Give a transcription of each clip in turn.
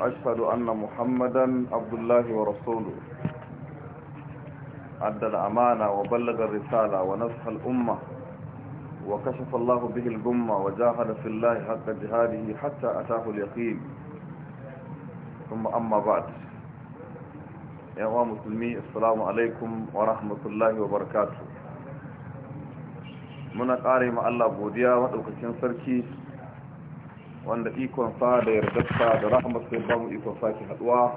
وأشهد أن محمدا عبد الله ورسوله أدى الأمانة وبلغ الرسالة ونصح الأمة وكشف الله به الغمة وجاهد في الله حق جهاده حتى أتاه اليقين ثم أما بعد يا مسلمي السلام عليكم ورحمة الله وبركاته muna ƙare ma Allah godiya maɗaukacin sarki wanda ikon sa da yardarsa da rahmat sai ba mu ikon ke haduwa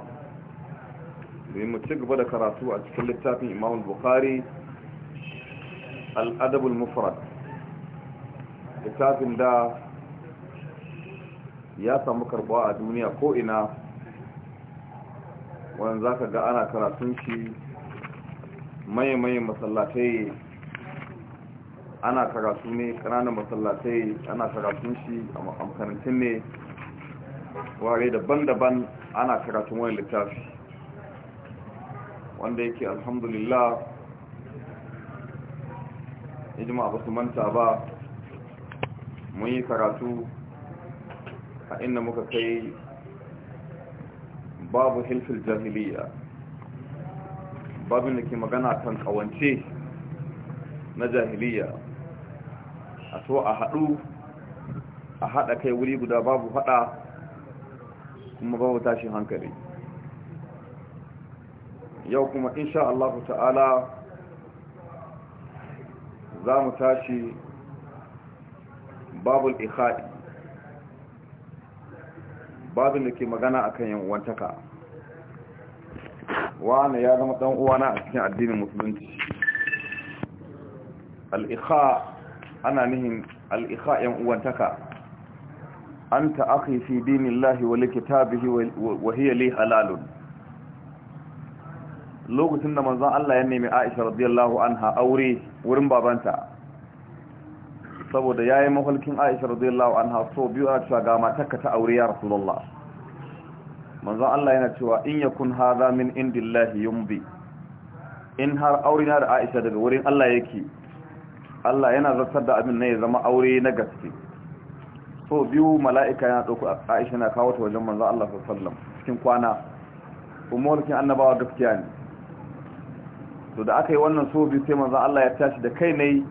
da mu ci gaba da karatu a cikin littafin imam bukhari al'adabul mufrad littafin da ya samu karbuwa a duniya ko ina wanda za ka ga ana karatun shi maye-maye masallatai ana karatu ne kananan masallatai ana karatun shi a makarantun ne ware daban-daban ana karatun wani littafi wanda yake alhamdulillah ijima ba su manta ba mun yi karatu a inda muka kai babu hilfil jahiliya babin da ke magana kan kawance na jahiliya a to a haɗu a haɗa kai wuri guda babu haɗa kuma babu tashin hankali yau kuma insha Allah ta'ala za mu tashi babul ikhadi babin da ke magana akan yan wantaka wani ya zama dan uwana a cikin addinin musulunci al-ikha ana nihin al'ika ‘yan uwantaka an ta aka fi dinin lahi wa likitabihi wa halalun lokacin da manzan Allah ya nemi aisha radiyallahu anha aure wurin babanta saboda ya yi mahalkin aisha radiyallahu anha so biyu a cewa ga matakka ta aure ya rasulallah manzan Allah yana cewa in yakun haza min indillahi yumbi in har aure na da aisha daga wurin Allah yake Allah yana zartar da abin ne ya zama aure na gaske so biyu mala'ika yana ɗauku a aisha na kawo ta wajen manzo Allah sallam cikin kwana umarkin annabawa gaskiya ne to da aka yi wannan so biyu sai manzo Allah ya tashi da kai ne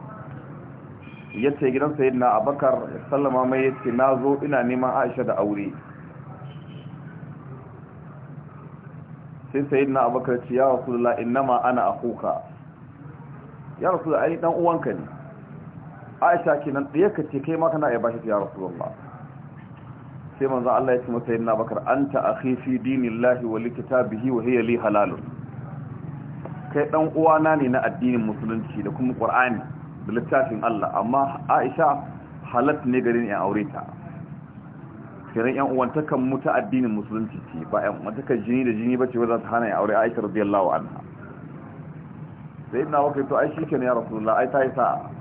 ya ce gidan sayyidina abakar ya sallama mai ya ce na zo ina neman aisha da aure sai sayyidina abakar ce ya rasulullah innama ana akuka ya a ai dan uwanka ne aisha kenan ɗaya ka ce kai ma kana ya bashi ya zama sai manzan Allah ya ce masa an ta a akhi dinin lahi wa bihi wa hiyali halalun kai dan uwana ne na addinin musulunci da kuma ƙwar'ani da littafin Allah amma aisha halatta ne garin ya aure ta kiran yan uwantakan mu ta addinin musulunci ce ba yan uwantakan jini da jini bace wanda ta hana ya aure aisha radiyallahu anha sai ibn wakil to ai shikenan ya rasulullah ai ta yi sa'a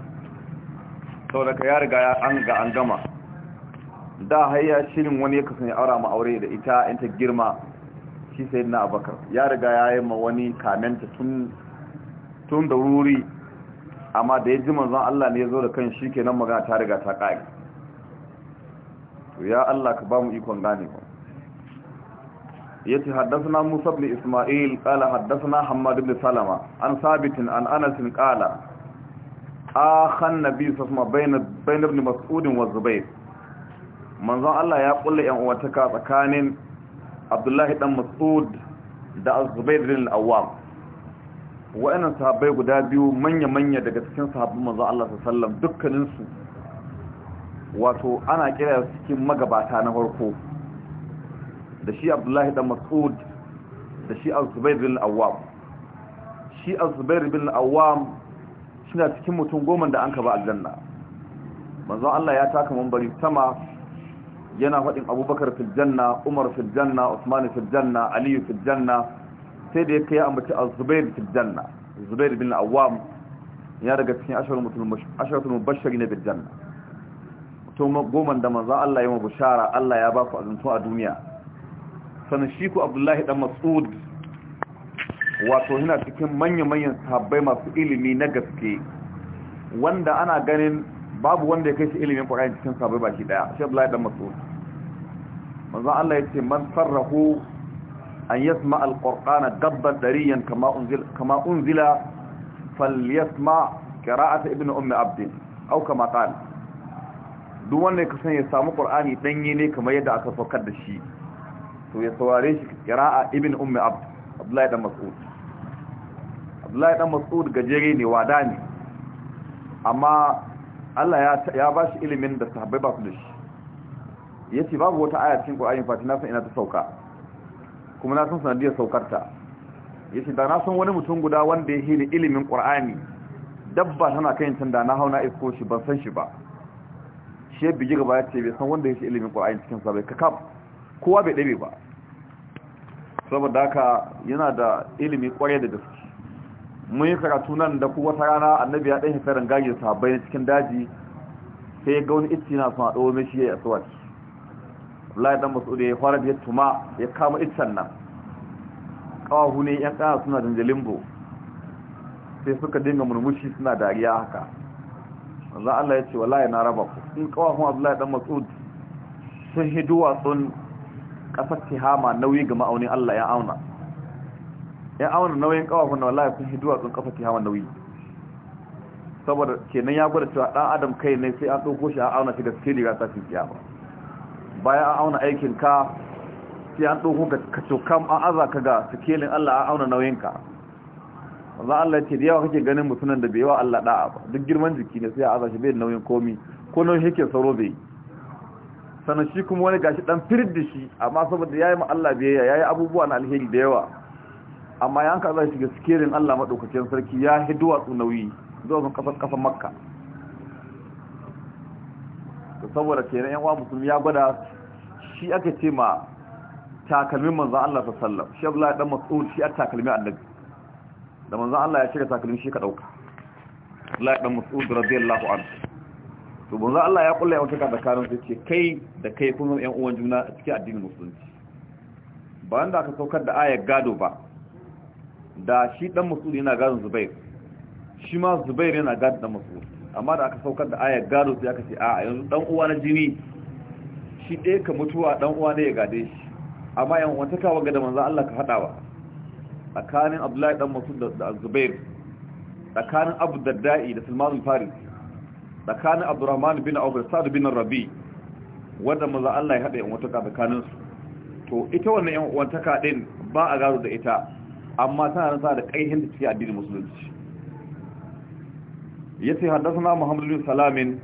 saboda ya riga an ga an gama da har shirin wani ya kasance aura ma aure da ita in ta girma shi sai na abakar ya riga ya yi ma wani kamenta tun da wuri amma da ya ji manzon Allah ne ya zo da kan shi kenan magana ta riga ta kai ya Allah ka ba mu ikon gane ce yace na Musa Isma'il qala na Hammad ibn Salama an sabitin an Anas qala akhan nabi sallallahu alaihi wasallam bain ibn Mas'udin wa zubayr manzon Allah ya kulle yan uwataka tsakanin Abdullahi dan Mas'ud da Az-Zubair bin Al-Awwam wa'annan sahabbai guda biyu manya-manya daga cikin sahabban manzon Allah sallallahu alaihi wasallam dukkanin su wato ana kira cikin magabata na farko da shi Abdullahi dan Mas'ud da shi Az-Zubair bin Al-Awwam shi Az-Zubair bin Al-Awwam suna cikin mutum goma da an ka ba Janna? manzon Allah ya taka mambari sama yana faɗin abubakar fil janna umar fil janna usman fil janna ali fil janna sai da yake ya ambaci az-zubair fil janna zubair bin Awam. ya daga cikin asharul mutum asharatul mubashirin bil janna mutum goma da manzon Allah ya mabashara Allah ya ba ku azuntu a duniya sanan shi ku abdullahi dan mas'ud wato yana cikin manya-manyan sahabbai masu ilimi na gaske wanda ana ganin babu wanda ya kai shi ilimin ƙwararren cikin sahabbai shi daya shi abdullahi masu mas'ud manzo Allah ya ce man sarrahu an yasma alqur'ana dabban ɗariyan kama unzila kama unzila falyasma ta, ibnu ummi abd aw kama qala duk wanda ya kasan ya samu qur'ani ɗanye ne kamar yadda aka saukar da shi to ya saurare shi a ibnu umar abdi. abdullahi dan mas'ud abdullahi dan mas'ud gajere ne wada ne amma Allah ya ba shi ilimin da sahabbai ba su da shi ya ce babu wata aya cikin Qur'ani fati na san ina ta sauka kuma na san sanadiyar saukarta ya ce da na san wani mutum guda wanda ya hili ilimin Qur'ani dabba tana kayan can da na hau na isko shi ban san shi ba shi ya bigi gaba ya ce bai san wanda ya shi ilimin Qur'ani cikin sabai ka kam kowa bai dabe ba saboda haka yana da ilimi kwarai da gaske mun yi karatu nan da kuma wata rana annabi ya ɗan hisarin gajin sabai na cikin daji sai ya ga wani itti na suna ɗawo mai shi ya yi asuwaci Allah dan masu da ya fara da ya tuma ya kama iccen nan ƙawahu ne yan ƙana suna danjalimbo sai suka dinga murmushi suna dariya haka Za Allah ya ce wallahi na raba ku in ƙawahun Abdullahi dan Mas'ud sun hidu sun kasar tihama nauyi ga ma'aunin Allah ya auna ya auna nauyin kawafin wallahi sun a tsun kasar tihama nauyi saboda kenan ya gwada cewa ɗan adam kai ne sai an ɗauko shi a auna shi da sili ga tashin Ba bayan an auna aikin ka sai an ɗauko ka kacokam an aza ka ga sikelin Allah an auna nauyin ka za Allah ce da yawa kake ganin mutunan da bai yawa Allah da'a ba duk girman jiki ne sai a aza shi bai nauyin komi ko nauyin ke sauro bai sannan shi kuma wani gashi dan firid da shi amma saboda yayi ma Allah biyayya yayi abubuwa na alheri da yawa amma ya hanka zai shiga sikirin Allah madaukakin sarki ya hiduwa su nauyi zuwa sun kafa kafa makka to saboda kenan yan uwa musulmi ya gwada shi aka ce ma takalmin manzon Allah sallallahu alaihi wasallam shi Abdullahi dan Mas'ud shi a takalmin annabi da manzon Allah ya shiga takalmin shi ka dauka Allah dan Mas'ud radiyallahu anhu to manzo Allah ya kulla wata kada karin su ce kai da kai kuma yan uwan juna a cikin addinin musulunci ba wanda aka saukar da ayar gado ba da shi dan musulun yana gadon Zubair shi ma Zubair yana gadon dan musulun amma da aka saukar da ayar gado sai aka ce a yanzu dan uwa na jini shi ɗaya ka mutuwa dan uwa ne ya gade shi amma yan uwan ta kawo ga da manzo Allah ka ba tsakanin Abdullahi dan musulun da Zubair tsakanin Abu Darda'i da Salman farisi tsakanin abdurrahman bin abu sa'ad bin rabi wanda maza Allah ya haɗa yan wataka tsakanin su to ita wannan yan wataka din ba a gado da ita amma tana rasa da kaihin da cikin addinin musulunci yace haddathana muhammad bin salamin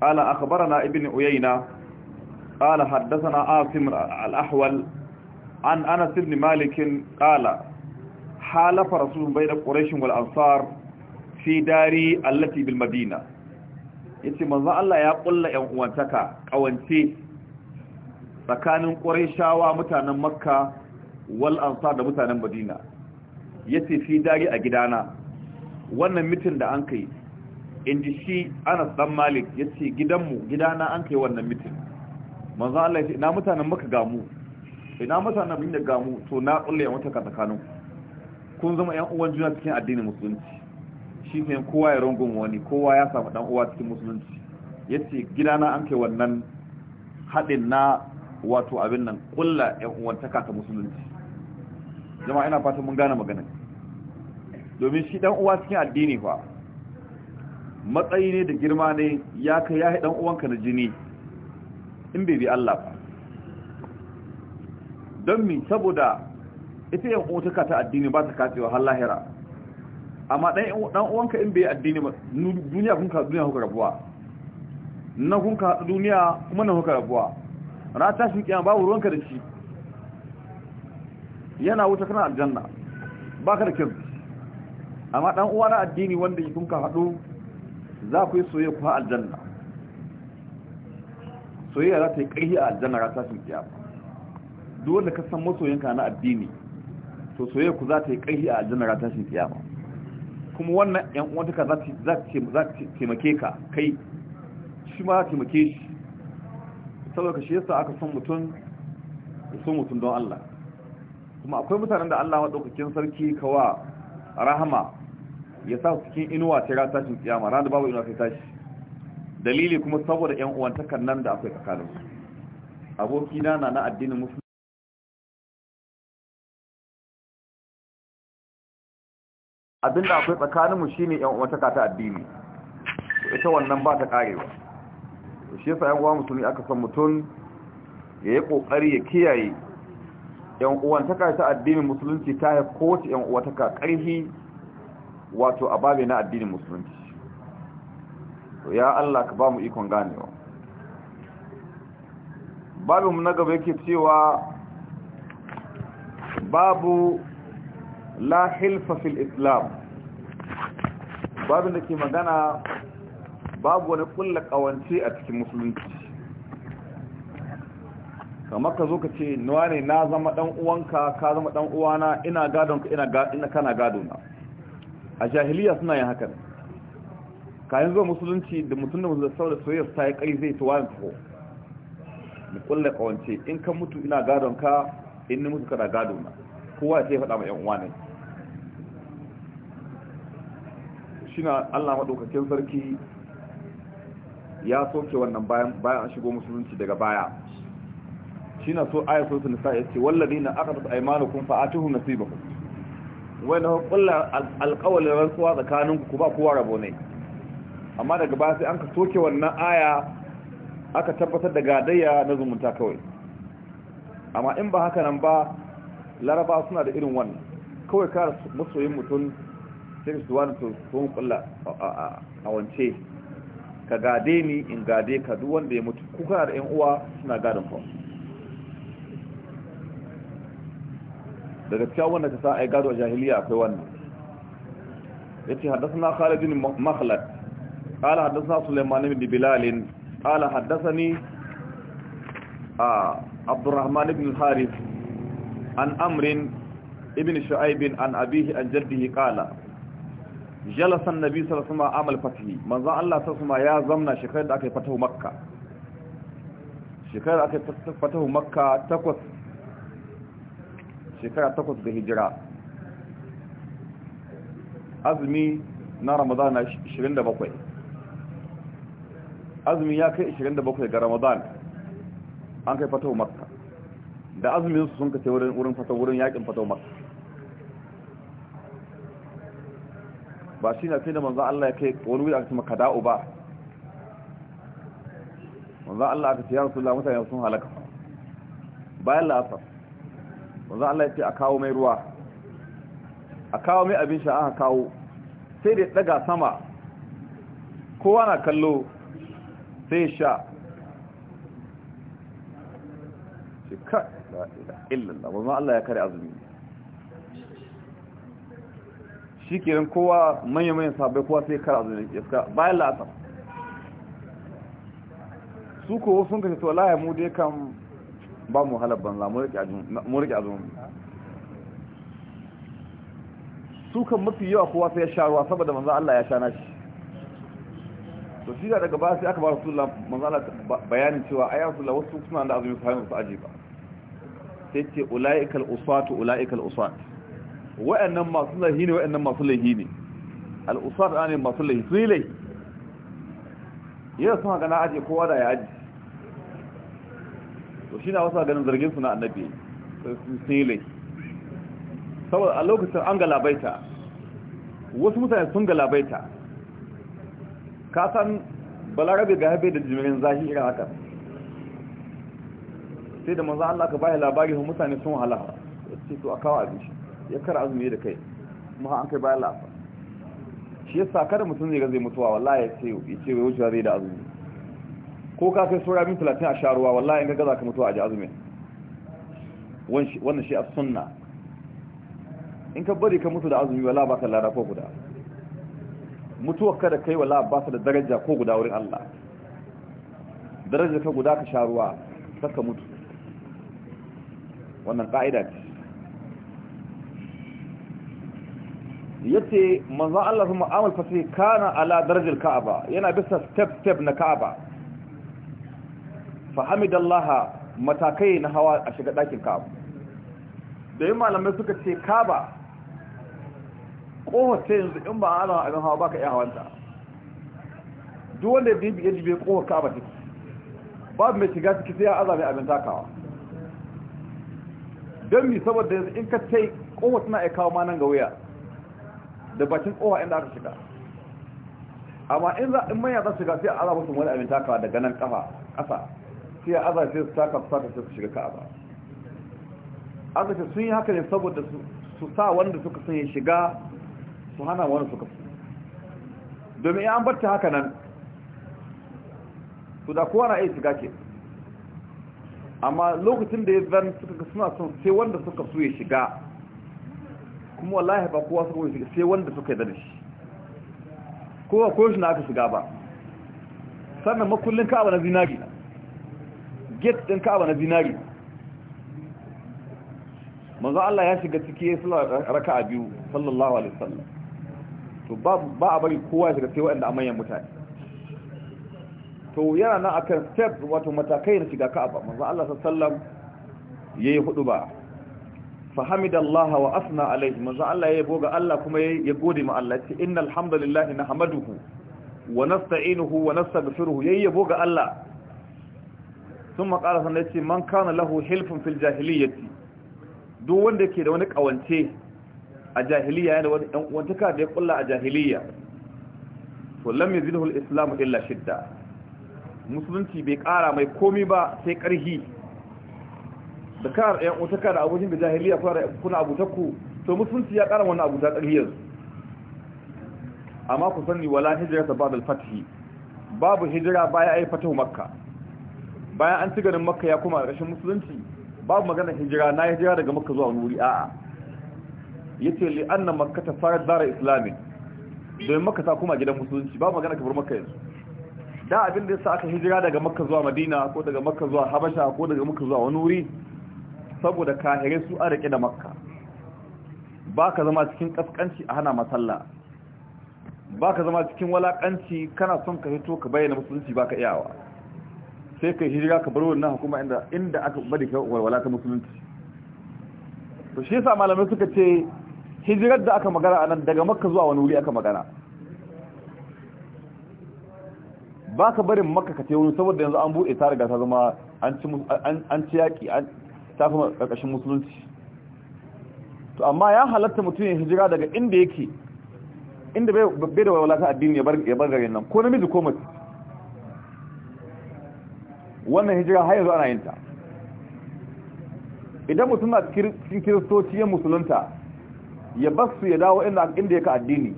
qala akhbarana ibn uyayna qala haddathana asim al-ahwal an anas ibn malik qala halafa rasulun bayna quraish wal ansar fi dari allati bil madina yace manzon Allah ya kulla ƴan uwantaka kawance tsakanin quraishawa mutanen makka wal ansar da mutanen madina yace fi dare a gidana wannan mitin da an kai inji shi Anas dan Malik yace gidanmu gidana an kai wannan mitin manzo Allah yace ina mutanen Makka ga mu ina mutanen Madina da mu to na kulle yan uwantaka tsakanin kun zama yan uwan juna cikin addinin musulunci shi ne kowa ya rungun wani kowa ya samu dan uwa cikin musulunci yace gidana an kai wannan haɗin na wato abin nan kulla uwan uwantaka ta musulunci jama'a ina fatan mun gane magana domin shi dan uwa cikin addini fa matsayi ne da girma ne ya kai ya dan uwanka na jini in bai bi Allah ba don mi saboda ita yan taka ta addini ba ta kacewa har lahira amma dan uwanka in bai addini ba duniya kun ka duniya kuka rabuwa na kun ka duniya kuma na kuka rabuwa na tashi ba babu ruwanka da shi yana wuta kana aljanna baka da kyau amma dan uwa na addini wanda kun ka haɗu za ku yi soyayya ku aljanna soyayya za ta yi ƙarfi a aljanna ra tashin kiyan duk wanda ka san masoyinka na addini to soyayya ku za ta yi ƙarfi a aljanna ra tashin kiyan kuma wannan yan uwantaka za ta taimake ka kai shi ma taimake shi saboda shi yasa aka son mutum da son mutum don Allah kuma akwai mutanen da Allah maɗaukakin sarki kawa rahama ya sa cikin inuwa ta ra tashin kiyama ran da babu inuwa sai tashi dalili kuma saboda yan uwantakan nan da akwai tsakanin aboki na na addinin musulmi Abin da akwai tsakaninmu shine yan uwantaka ta addini ita wannan ba ta karewa shi yasa yan uwa musulmi aka san mutum yayi yi kokari ya kiyaye yan uwantaka ta addinin musulunci ta haifi kowace yan uwantaka karfi wato a babe na addinin musulunci ya Allah ka ba mu ikon ganewa mun na gaba yake cewa babu la hilfa fil islam babin da ke magana babu wani kulla kawance a cikin musulunci kamar ka zo ka ce nuwa ne na zama dan uwanka ka zama dan uwana ina gadon ka ina kana gado na a jahiliya suna yin haka kayan zuwa musulunci da mutum da musulunci saboda soyayya ta yi kai zai tuwa ta taho mu kulla kawance in ka mutu ina gadonka, ka in ni mutu kana gado na kowa ya faɗa ma 'yan uwa ne shina Allah maɗaukakin sarki ya soke wannan bayan an shigo musulunci daga baya Shi na so ayat sura nisa yace walladina aqadat aymanukum ku. Wai wanda kullu alkawalin rantsuwa tsakaninku ku ba kowa rabo ne amma daga baya sai an ka soke wannan aya aka tabbatar da gadayya na zumunta kawai amma in ba haka nan ba laraba suna da irin wannan kawai ka masoyin mutum sai su wani tun kula a wance ka gade ni in gade ka duk wanda ya mutu kuka da yan uwa suna gadon fa daga cewa wanda ta sa yi gado a jahiliya akwai wannan yace haddathana Khalid bin Makhlad na haddathana Sulaiman bilalin ala haddasa ni a Abdurrahman bin Harith عن أمر ابن شعيب عن أبيه عن جده قال جلس النبي صلى الله عليه وسلم عام الفتح من ذا الله صلى الله عليه وسلم يا زمنا شكرا لك فتح مكة شكرا لك فتح مكة تقص شكرا تقص بهجرة أزمي na Ramadan 27 azumi ya kai 27 ga Ramadan an kai fatawa Makka da azumin su sun kace wurin wurin fata wurin yakin fata makka ba shi na sai da manzo Allah ya kai wani wuri aka cikin maka da'u ba manzo Allah aka ce ya Rasulullah mutane sun halaka bayan la'asar manzo Allah ya ce a kawo mai ruwa a kawo mai abin sha'a a kawo sai da daga sama kowa na kallo sai sha la ilaha illallah wannan Allah ya kare azumi shikenan kowa manyan manyan sabai kowa sai kare azumi iska bayan la'asar su ko sun kace to wallahi mu dai kan ba mu halar banza mu rike azumi mu rike azumi su kan mafi yawa kowa sai ya sha ruwa saboda manzo Allah ya sha nashi to shi da daga baya sai aka ba Rasulullah manzo Allah bayanin cewa ai Rasulullah wasu suna da azumi su hanyar su aji ba sai ce ula'ikal usatu ula'ikal usat wa'annan masu lahi ne wa'annan masu lahi ne al'usat ne masu lahi su yi lahi yadda suna gana aji kowa da ya aji to shi na wasu ganin zargin suna annabi sun yi lahi saboda a lokacin an galabaita wasu mutane sun galabaita ka san balarabe ga habe da jimirin zahi irin haka sai da manzo Allah ka bai labari ga mutane sun wahala sai to akawa abin shi ya kar azumi da kai kuma an kai bai lafa shi yasa kada mutum zai ga zai mutuwa wallahi ya ce ya ce wai wucewa zai da azumi ko ka kai sura min 30 a sharuwa wallahi in ga gaza ka mutuwa a ji azumi wannan shi a sunna in ka bari ka mutu da azumi wala ka lada ko guda mutuwar ka da kai wala ba da daraja ko guda wurin Allah daraja ka guda ka sharuwa saka mutu wannan ƙa'ida ce yace manzan Allah kuma amal fasi kana ala darajar ka'aba yana bisa step step na ka'aba fa hamidallaha matakai na hawa a shiga ɗakin ka'aba da yi malamai suka ce ka'aba kowace yanzu in ba ana abin hawa baka iya hawanta duk wanda ya bibi ya jibe kowace ka'aba take babu mai shiga ciki sai ya azami abin takawa don mi saboda yanzu in ka ce kowa suna ya kawo manan ga wuya da bakin kowa inda aka shiga amma in za in manya za su shiga sai a azabar su wani abin takawa daga nan kafa kasa sai a aza sai su taka su sai su shiga ka'aba aka ce sun yi haka ne saboda su sa wanda suka sun yi shiga su hana wani suka su domin ya an bar ta haka nan su da kowa na iya shiga ke amma lokacin da ya zan suka suna son sai wanda suka so ya shiga kuma wallahi ba kowa suka shiga sai wanda suka yi da shi kowa ko shi na aka shiga ba sannan makullin ka'aba na zinari get din ka'aba na zinari manzo Allah ya shiga ciki ya sula raka'a biyu sallallahu alaihi wasallam to ba ba a bari kowa ya shiga sai wanda amanyan mutane to yana a akan step wato matakai na shiga ka'aba manzo Allah sallallahu yayi hudu ba fa wa asna alaihi manzo Allah yayi boga Allah kuma ya gode ma Allah ce innal hamdalillahi nahmaduhu wa nasta'inuhu wa nastaghfiruhu yayi boga Allah thumma qala sannan yace man kana lahu hilfun fil jahiliyyati duk wanda ke da wani kawance a jahiliya yana wani dan uwantaka da ya kulla a jahiliya to lam yazidhu al-islam illa shidda musulunci bai ƙara mai komi ba sai ƙarhi da kar ƴan utaka da abokin da jahiliya kuna abutakku to musulunci ya kara wannan abuta ƙarhi yanzu amma ku sani wala hijira ta babal fathi babu hijira baya ai fatu makka bayan an ci garin makka ya kuma rashin musulunci babu magana hijira na hijira daga makka zuwa wuri a'a yace li anna ta farat dara islamin don makka ta kuma gidan musulunci babu magana bar makka yanzu da abin da yasa aka hijira daga makka zuwa madina ko daga makka zuwa habasha ko daga makka zuwa wani wuri saboda kahirai su a rike da makka ba ka zama cikin kaskanci a hana masalla ba ka zama cikin walakanci kana son ka hito ka bayyana musulunci ba ka iyawa sai ka hijira ka bar wannan hukuma inda inda aka bada ka walwala ta musulunci to shi yasa malamai suka ce hijirar da aka magana anan daga makka zuwa wani wuri aka magana ba ka barin maka ka tewuni saboda yanzu an buɗe ta riga ta zama an ci yaƙi ta kuma ƙarƙashin musulunci to amma ya halatta mutum ya hijira daga inda yake inda bai da walata addini ya bar garin nan ko namiji ko mace wannan hijira har yanzu ana yin ta idan mutum na cikin kiristoci ya musulunta ya basu ya dawo inda ya ka addini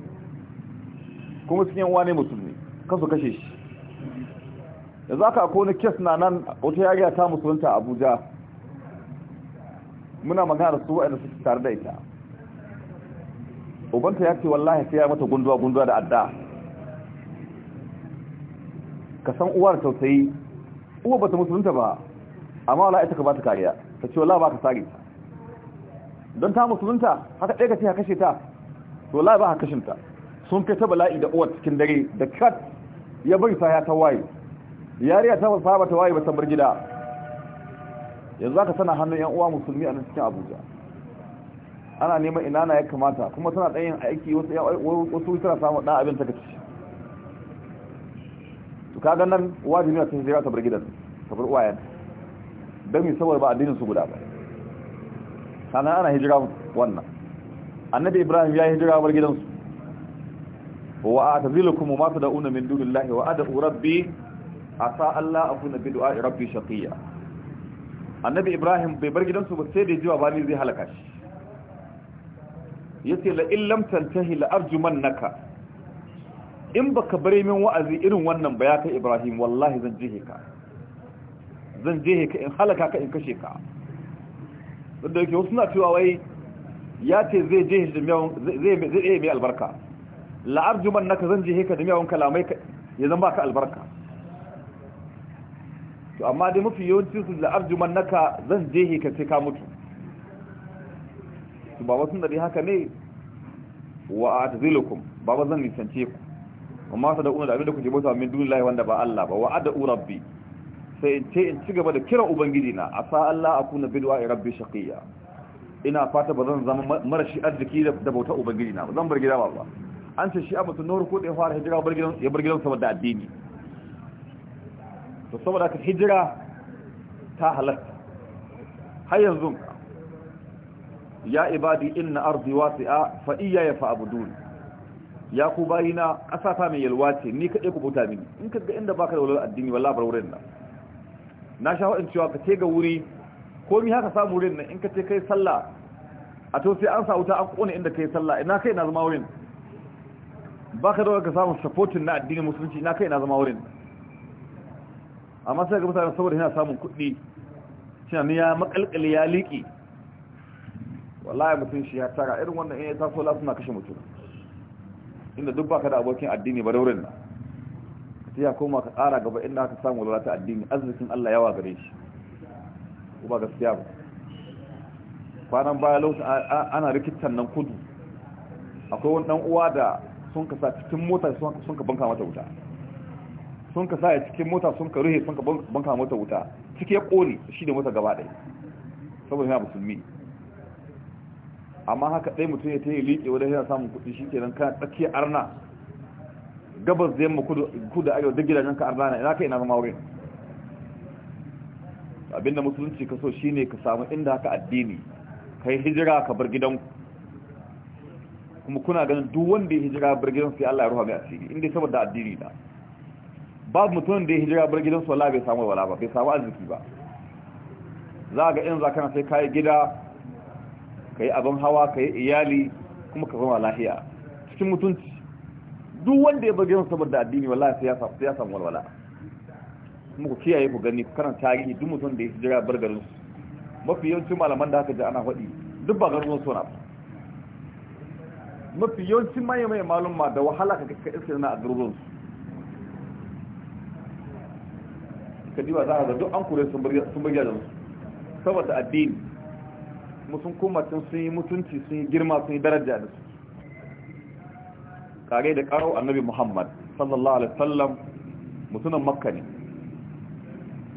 kuma cikin wane musulmi kasu kashe shi da za ka kone kes na nan wata yariya ta musulunta abuja muna magana da su waɗanda suke tare da ita ubanta ya ce wallahi sai ya mata gunduwa-gunduwa da adda ka san uwa da tausayi uwa ba ta musulunta ba amma wala ita ka ba ta kariya ta ce wallahi ba ka sare ta don ta musulunta haka ɗaya ka ce ka kashe ta to wallahi ba ka kashinta sun kai ta bala'i da uwar cikin dare da kat ya bari sa ya ta waye yariya ta saba ta waye ba tambar gida yanzu aka sana hannun yan uwa musulmi a nan cikin abuja ana neman ina na ya kamata kuma tana yin aiki wasu tana samun dan abin ta kace to kaga nan uwa na ya tsaya ta bar gidan ta bar uwayen Dan mi saboda ba addinin su guda ba sana ana hijira wannan annabi ibrahim ya hijira bar gidansu wa a ma tad'una min dunillahi wa ad'u rabbi A asa Allah a kuna bidu'a rabbi shaqiya annabi ibrahim bai bar gidansu ba sai dai jiwa ba ni zai halaka shi yace la illam tantahi la arjumannaka in baka bare min wa'azi irin wannan ba ya kai ibrahim wallahi zan jihe ka zan jihe ka in halaka ka in kashe ka wanda yake wasu na cewa wai ya ce zai jihe shi zai mai albarka la'arjuman naka zan jihe ka da miyawan kalamai ya zama ka albarka to amma dai mafi yawancin su da arjuman naka zan je ka ce ka mutu su baba sun dade haka ne wa atazilukum baba zan nisance ku amma ta da una da abin da kuke bauta min dunillahi wanda ba Allah ba wa ad'u rabbi sai in ce in ci gaba da kiran ubangiji na sa Allah a akuna bidwa rabbi shaqiya ina fata ba zan zama marashi arziki da bauta ubangiji na ba zan bar gida ba ba an ce shi abu sun nuru ko da ya fara hijira ya bar gidan saboda addini to saboda ka hijira ta halatta har yanzu ya ibadi inna ardi wasi'a fa iyaya fa'budun ya ku bayina ƙasa ta mai yalwa ce ni kaɗai ku buta mini in ka ga inda baka da walwal addini wallahi bar wurin nan na sha in cewa ka ce ga wuri ko mi haka samu wurin nan in ka ce kai sallah a to sai an sa wuta an kone inda kai sallah ina kai na zama wurin baka da ka samu supportin na addinin musulunci ina kai na zama wurin amma sai ga mutane saboda yana samun kuɗi shi ne ya makalkali ya liƙi wallahi mutum shi ya tara irin wannan in ya taso la suna kashe mutum inda duk baka da abokin addini ba daurin na sai ya koma ka tsara gaba inda aka samu lalata addini arzikin Allah yawa gare shi ko ba gaskiya ba kwanan baya lokacin ana rikitan nan kudu akwai wani dan uwa da sun ka sa cikin mota sun ka banka mata wuta sun ka sa cikin mota sun ka ruhe sun ka banka mota wuta cike kone shi da mota gaba ɗaya saboda yana musulmi amma haka ɗaya mutum ya ta yi liƙe wadda yana samun kuɗi shi kenan kana tsakiyar arna gabas da yamma kudu arewa duk gidajen ka arna na ina kai ina zama wurin abinda musulunci ka so shine ka samu inda haka addini ka yi hijira ka bar gidan kuma kuna ganin duk wanda ya hijira bar gidan sai Allah ya ruha mai asiri inda saboda addini na babu mutum da ya hijira bar gidansu wala bai samu wala ba bai samu arziki ba za ga in zakana sai kayi gida ka yi abin hawa ka yi iyali kuma ka zama lahiya cikin mutunci duk wanda ya bar gidansu saboda addini wala sai ya samu walwala kuma ku kiyaye ku gani ku karanta tarihi duk mutum da ya hijira bar garinsu mafi yawancin malaman da aka ji ana faɗi duk ba garin suna ba mafi yawancin maye mai malumma da wahala ka iska na a garuruwansu ka diwa za ka ga duk an kure sun bar da musu saboda addini kuma sun sun yi mutunci sun yi girma sun yi daraja da su kare da karo annabi muhammad sallallahu alaihi sallam mutunan makka ne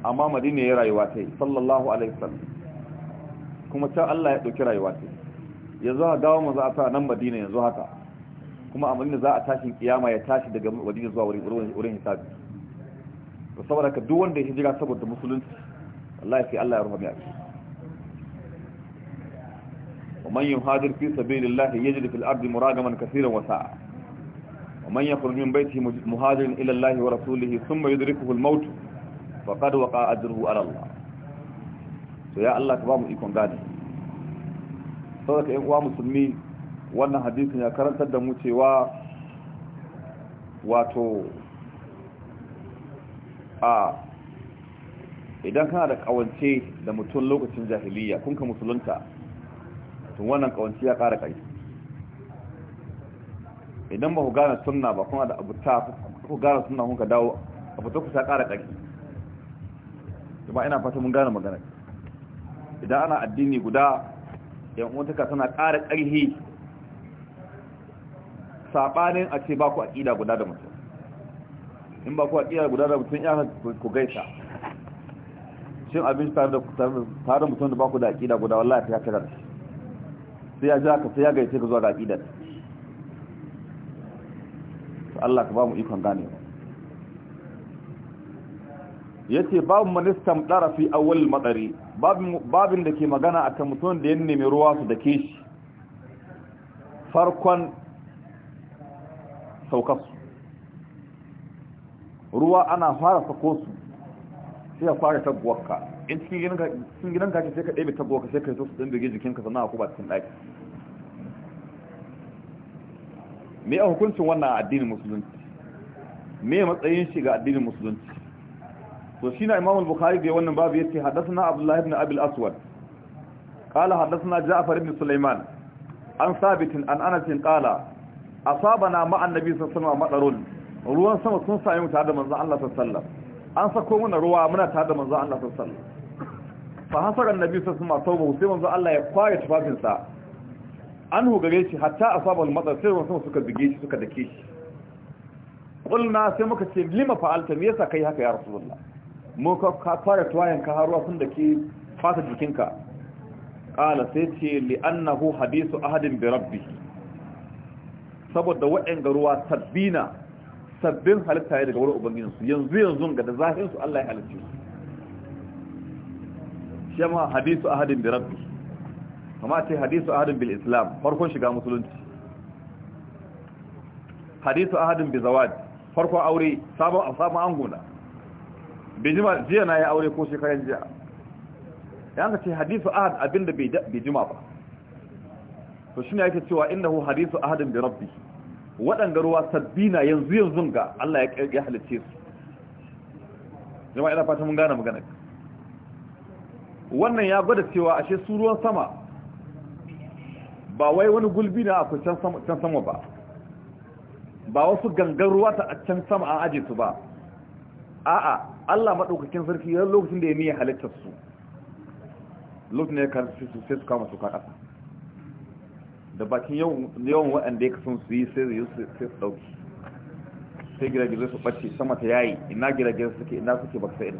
amma madina ya rayuwa ta yi sallallahu alaihi sallam kuma can allah ya ɗauki rayuwa ta yanzu ha dawo maza a ta nan madina yanzu haka kuma a madina za a tashi kiyama ya tashi daga madina zuwa wurin hisabi to saboda ka duk wanda ya hijira saboda musulunci wallahi sai Allah ya ruha mai aiki wa man yuhajir fi sabilillah yajid fil ardi muragaman kaseeran wa sa'a wa man yakhruj min baytihi muhajiran ila Allah wa rasulihi thumma yudrikuhu al maut faqad waqa ajruhu ala Allah to ya Allah ka ba mu ikon gadi saboda yan uwa musulmi wannan hadisin ya karantar da mu cewa wato a idan kana da kawance da mutum lokacin jahiliya kun ka musulunta tun wannan kawance ya ƙara kai idan ba ku gane suna ba kuna da abuta ku gane suna kun ka dawo abuta ku sa ƙara kai kuma ina fata mun gane magana idan ana addini guda yan uwantaka suna ƙara ƙarfi sabanin a ce ba ku aƙida guda da mutum in ba a ƙiyar guda da mutum ya ku gaisa cin abinci tare da mutum da ba ku da aƙida guda wallah ta kira sai ya ji haka sai ya gaisa ka zuwa ga aƙidar su Allah ka ba mu ikon ya yace babu manistam ɗarafi a wal matsari babin da ke magana a kan mutum da ya nemi ruwa su ke shi farkon saukarsu ruwa ana fara sako su sai ya fara taguwarka in cikin gidan ka sai ka ɗebe taguwarka sai ka yi su ɗin birge jikinka sannan ku ba cikin ɗaki me a hukuncin wannan addinin musulunci me matsayin shi ga addinin musulunci to shi na imamul bukhari da wannan babu yace hadathana abdullahi ibn abil aswad qala hadathana ja'far ibn sulaiman an sabitin an anas qala asabana ma'an nabi sallallahu alaihi wasallam madarun ruwan sama sun sami mu tare da manzon Allah sallallahu an sako mana ruwa muna tare da manzon Allah sallallahu fa hasara annabi sallallahu alaihi ba, sai manzon Allah ya kwaya tufafinsa an hugare shi hatta a sabon matar sai ruwan sama suka zige shi suka dake shi qulna sai muka ce lima fa'alta me yasa kai haka ya rasulullah mu ka kware tuwayen ka har ruwa da ke fata jikinka qala sai ce li annahu hadithu ahadin bi rabbih saboda wa'in garuwa sabbina. sabbin halitta ne daga wurin su yanzu yanzu ga da su Allah ya halicce su shi ma hadisu ahadin bi rabbi a ce hadisu ahadin bil islam farkon shiga musulunci hadisu ahadin bi zawad farkon aure sabon sabon angona bijima jiya na ya aure ko shekaran jiya ka ce hadisu ahad abinda bai bijima ba to shine yake cewa innahu hadisu ahadin bi rabbi waɗanda ruwa na yanzu yanzu ga Allah ya ya halice su jama'a ina fata mun gane magana wannan ya gwada cewa ashe su ruwan sama ba wai wani gulbi na akwai can sama ba ba wasu gangan ruwa ta a can sama an aje su ba a'a Allah maɗaukakin sarki yadda lokacin da ya niyya halittar su lokacin da ya karfi su sai su kama su ka ƙasa. da bakin yawan waɗanda ya kasan su yi sai su sai su ɗauki sai giragizai su ɓace sama ta yayi ina giragizai suke ina suke baka sa'ida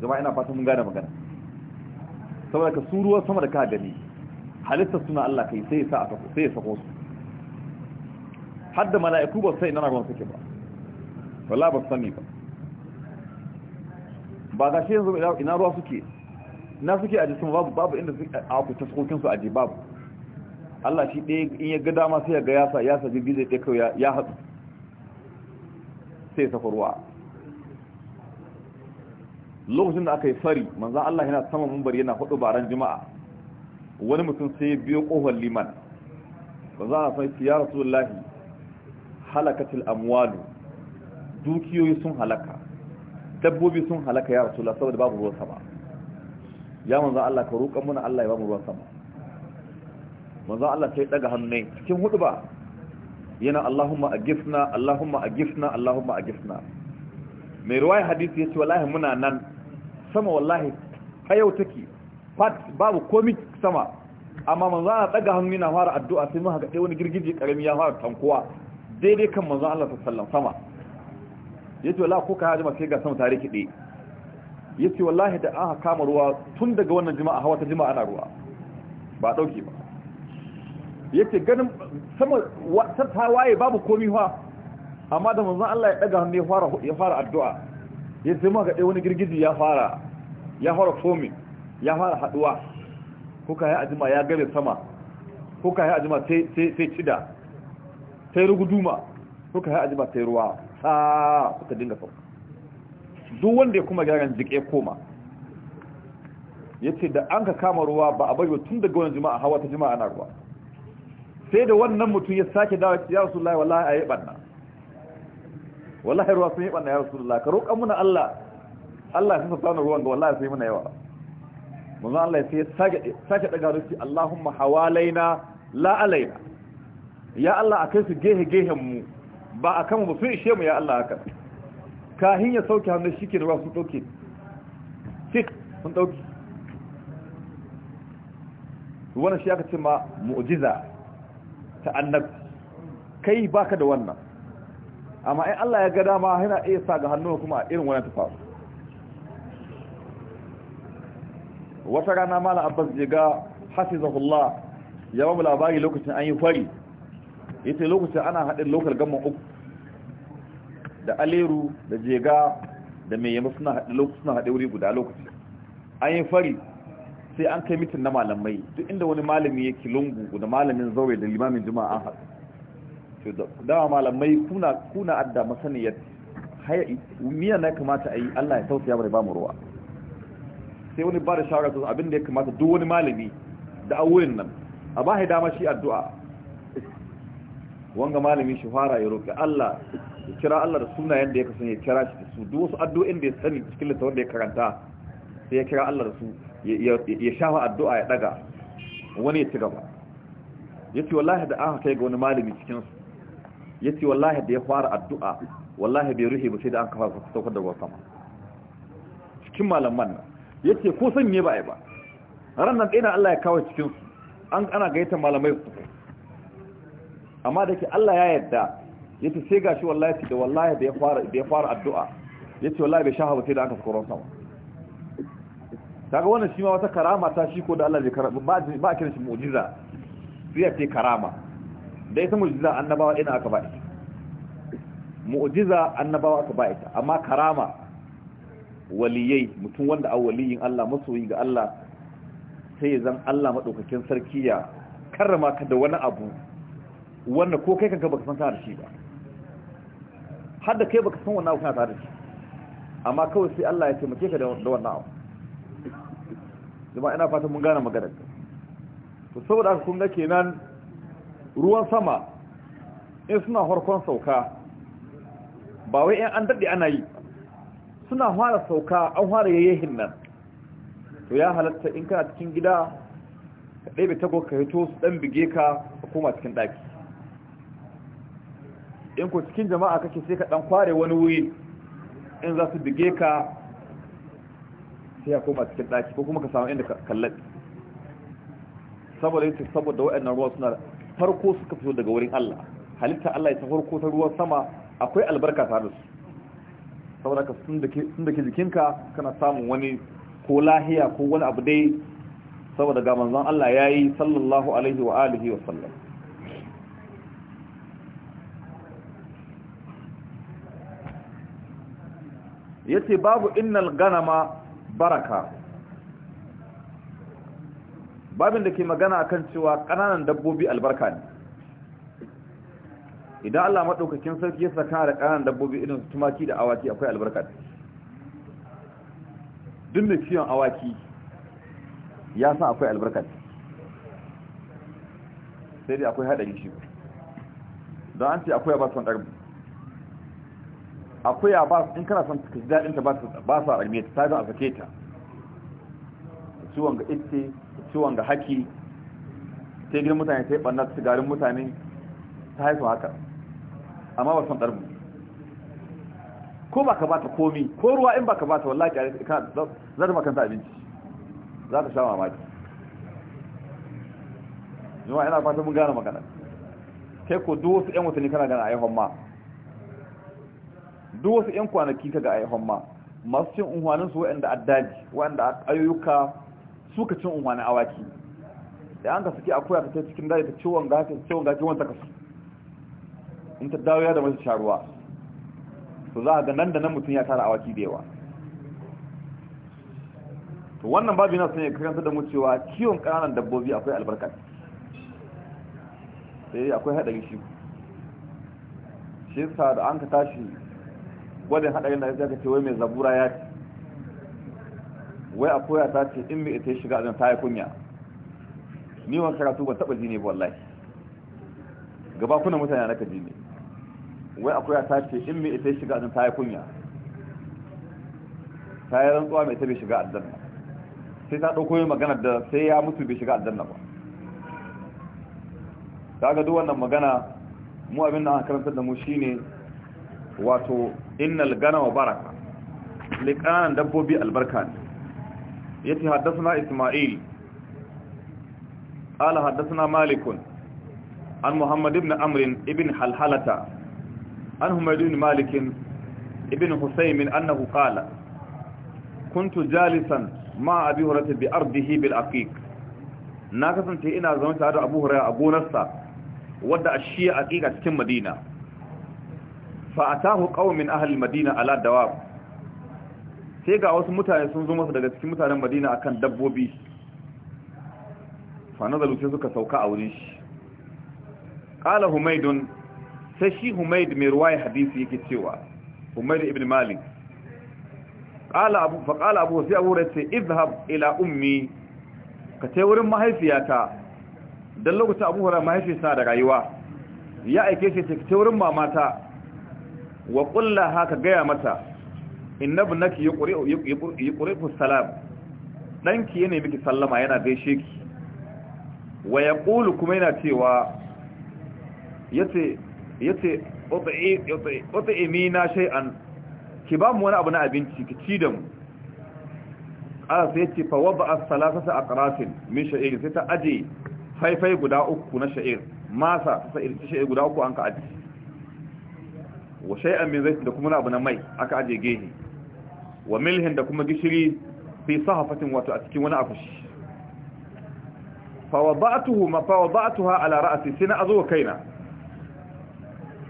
zama ina fatan mun gane magana saboda ka suruwa sama da ka gani halittar suna Allah kai sai ya sa a sai ya sako su har da mala'iku ba sai ina ragon suke ba wala ba sani ba ba ga shi yanzu ina ruwa suke na suke a jisun babu babu inda suke a ku taskokin su a ji babu Allah shi ɗaya in ya ga dama sai ya ga yasa ya sabi bizai ɗaya kawai ya haɗu sai ya safa ruwa lokacin da aka yi fari manzan Allah yana saman mumbar yana faɗo baran jima'a wani mutum sai biyo ƙofar liman manzan Allah sai ya rasu lahi halakatil amwalu dukiyoyi sun halaka dabbobi sun halaka ya rasu saboda babu ruwa sama ya manzan Allah ka roƙa muna Allah ya ba mu ruwan sama manzan Allah sai daga hannun cikin hudu ba yana Allahumma agifna Allahumma agifna Allahumma agifna mai ruwaya hadisi yace wallahi muna nan sama wallahi hayau take babu komai sama amma manzan Allah daga hannu yana fara addu'a sai mun haka sai wani girgije karami ya fara tankuwa daidai kan manzan Allah sallallahu alaihi wasallam sama yace wallahi ko ka haji ma sai ga sama tare kide ya ce wallahi da aka kama ruwa tun daga wannan jima'a hawa ta jima'a ana ruwa ba ɗauke ba ya ce ganin sama ta waye babu komi fa amma da manzan Allah ya ɗaga hannu ya fara addu'a ya ce ma gaɗe wani girgiji ya fara ya fara fomin ya fara haɗuwa kuka ya ajima ya gane sama kuka ya ajima sai cida sai ruguduma kuka ya ajima sai ruwa ta suka dinga sauka duk wanda ya kuma gyaran jike koma ya ce da an ka kama ruwa ba a bayo tun daga wani jima'a hawa ta jima'a na ruwa sai da wannan mutum ya sake dawa ya rasu lai wallahi ayi banna wallahi ruwa sun yi ɓanna ya rasulullahi ka roƙa muna Allah Allah ya saka mana ruwan ga wallahi sai muna yawa manzo Allah sai sake sake daga ruci Allahumma hawalaina la alaina ya Allah akai su gehe gehen mu ba akan mu sun ishe mu ya Allah haka kahin ya sauke hannun shi ke da wasu ɗauke fit sun ɗauke wannan shi aka ce ma mu'jiza ta annab kai baka da wannan amma in Allah ya ga dama yana iya sa ga hannu kuma irin wannan ta faru wata rana Malam abbas ya ga hafizahullah ya ba mu labari lokacin an yi fari ita lokacin ana haɗin lokal gamman uku da aleru da jega da mai yamma suna haɗe wuri guda lokaci an yi fari sai an kai mitin na malamai duk inda wani malami yake lungu da malamin zaure da limamin juma'a an haɗu to da dama malamai kuna kuna adda masaniyar haya miya na kamata a yi Allah ya tausaya bari ba mu ruwa sai wani ba da shawara su abin da ya kamata duk wani malami da awurin nan a ba dama shi addu'a wanga malami shi fara ya roƙi Allah ya kira Allah da sunayen da ya kasance ya kira shi da su duk wasu addu'o'in da ya sani cikin littafin da ya karanta sai ya kira Allah da su ya shafa addu'a ya daga wani ya ci gaba ya ce wallahi da aka kai ga wani malami cikin su ce wallahi da ya fara addu'a wallahi bai ruhi ba sai da an kafa su saukar da ruwan sama cikin malaman nan ce ko san ne ba ai ba ran nan dai Allah ya kawo cikin su an ana gaita malamai su amma da ke Allah ya yarda yace sai gashi wallahi da wallahi da ya fara addu'a ya wallahi bai shahaba sai da aka tsoron sama kaga wannan shi ma wata karama ta shi ko da Allah zai karama ba a kiran shi mu'jiza sai ya ce karama da ita mu'jiza annabawa ina aka ba ita mu'jiza annabawa aka ba ita amma karama waliyai mutum wanda awaliyin Allah masoyi ga Allah sai ya zan Allah madaukakin sarkiya karrama ka da wani abu wanda ko kai kanka baka san ta da shi ba har da kai baka san wannan abu kana tare da shi amma kawai sai Allah ya taimake ka da wannan abu jama'a ina fatan mun gane maganar to saboda haka kun ga kenan ruwan sama in suna farkon sauka ba wai an daɗe ana yi suna fara sauka an fara yayyahin nan to ya halatta in kana cikin gida ka ɗebe tago ka hito su ɗan bige ka ka koma cikin ɗaki in ku cikin jama'a kake sai ka dan kware wani wuri in za su bige ka sai ya koma cikin daki ko kuma ka samu inda kallat saboda yace saboda wa'annan ruwa suna farko suka fito daga wurin Allah halitta Allah ya ta farko ta ruwan sama akwai albarka ta da saboda ka sun da ke jikinka kana samun wani ko lahiya ko wani abu dai saboda ga manzon Allah yayi sallallahu alaihi wa alihi wa sallam yace babu innal ganama baraka babin da ke magana akan cewa kananan dabbobi albarka ne idan Allah madaukakin sarki ya saka da kananan dabbobi irin tumaki da awaki akwai albarka duk mai ciwon awaki ya san akwai albarka sai dai akwai haɗari shi don an ce akwai abasan ɗarbi Akwai a ba in kana son ka ji daɗin ta ba su a ta sai a sake ta ciwon ga itse ciwon ga haki sai gina mutane sai ɓanna su garin mutane ta haifu haka amma ba son ɗarmu ko ba ka ba ta komi ko ruwa in ba ka ba ta wallahi za ta makanta abinci za ta sha mamaki yawa ina fata mun gane magana kai ko duk wasu 'yan watanni kana gana a yi ma duk wasu 'yan kwanaki ka ga yi ma masu cin unhwanin su waɗanda addaji waɗanda ayyuka suka cin unhwanin awaki da an ka suke a koya ta cikin daji ta ciwon gaki ciwon gaki wanda ka su in ta dawo ya da masu sharuwa to za a ga nan da nan mutum ya tara awaki da yawa to wannan babu yana sun yi karanta da mu cewa kiwon ƙananan dabbobi akwai albarka sai eh, akwai haɗari shi shi sa da an ka tashi gwadin haɗarin da zaka ce wai mai zabura ya ce wai a koya ta ce in bai ita shiga azan ta yi kunya ni karatu ba taɓa jini ba wallahi gaba kuna mutane na kaji ne wai a koya ta ce in bai ita shiga azan ta yi kunya ta yi rantsuwa mai ta bai shiga aljanna sai ta ɗauko yin magana da sai ya mutu bai shiga aljanna ba ta ga duk wannan magana mu abin da aka karanta da mu shine wato innal wa baraka liqanan dabbobi albarka ne yace haddathana isma'il qala haddathana malik an muhammad ibn Amrin ibn halhalata an humayd ibn ibn husaym annahu qala kuntu jalisan ma abi hurairah bi ardihi bil aqiq na kasance ina zama tare da abu hurairah a gonarsa wadda a shiya aqiqa cikin madina fa atahu qaumin ahli madina ala dawab sai ga wasu mutane sun zo masa daga cikin mutanen madina akan dabbobi fa nazalu sai suka sauka a wurin shi qala humaydun sai shi humayd mai ruwaya hadisi yake cewa humayd ibn malik qala abu fa qala abu sai abu race izhab ila ummi ka ce wurin mahaifiyata dan lokacin abu hura mahaifiyarsa da rayuwa ya aike shi ta ce wurin mamata wa kulla haka gaya mata inna bunaki yuqrifu salam ɗanki yana miki sallama yana gaishe ki wa yaqulu kuma yana cewa yace yace ut'i imi na mina ki ba mu wani abu na abinci ki ci da mu ƙasa sai a fa wada'a a ƙarafin min sha'iri sai ta aje haifai guda uku na sha'ir masa ta sha'iri guda uku an ka aji. wa shay'an min zaitin da kuma abu na mai aka aje gehi wa milhin da kuma gishiri fi sahafatin wato a cikin wani shi fa wada'tuhu ma fa wada'tuha ala ra'si sina azu kaina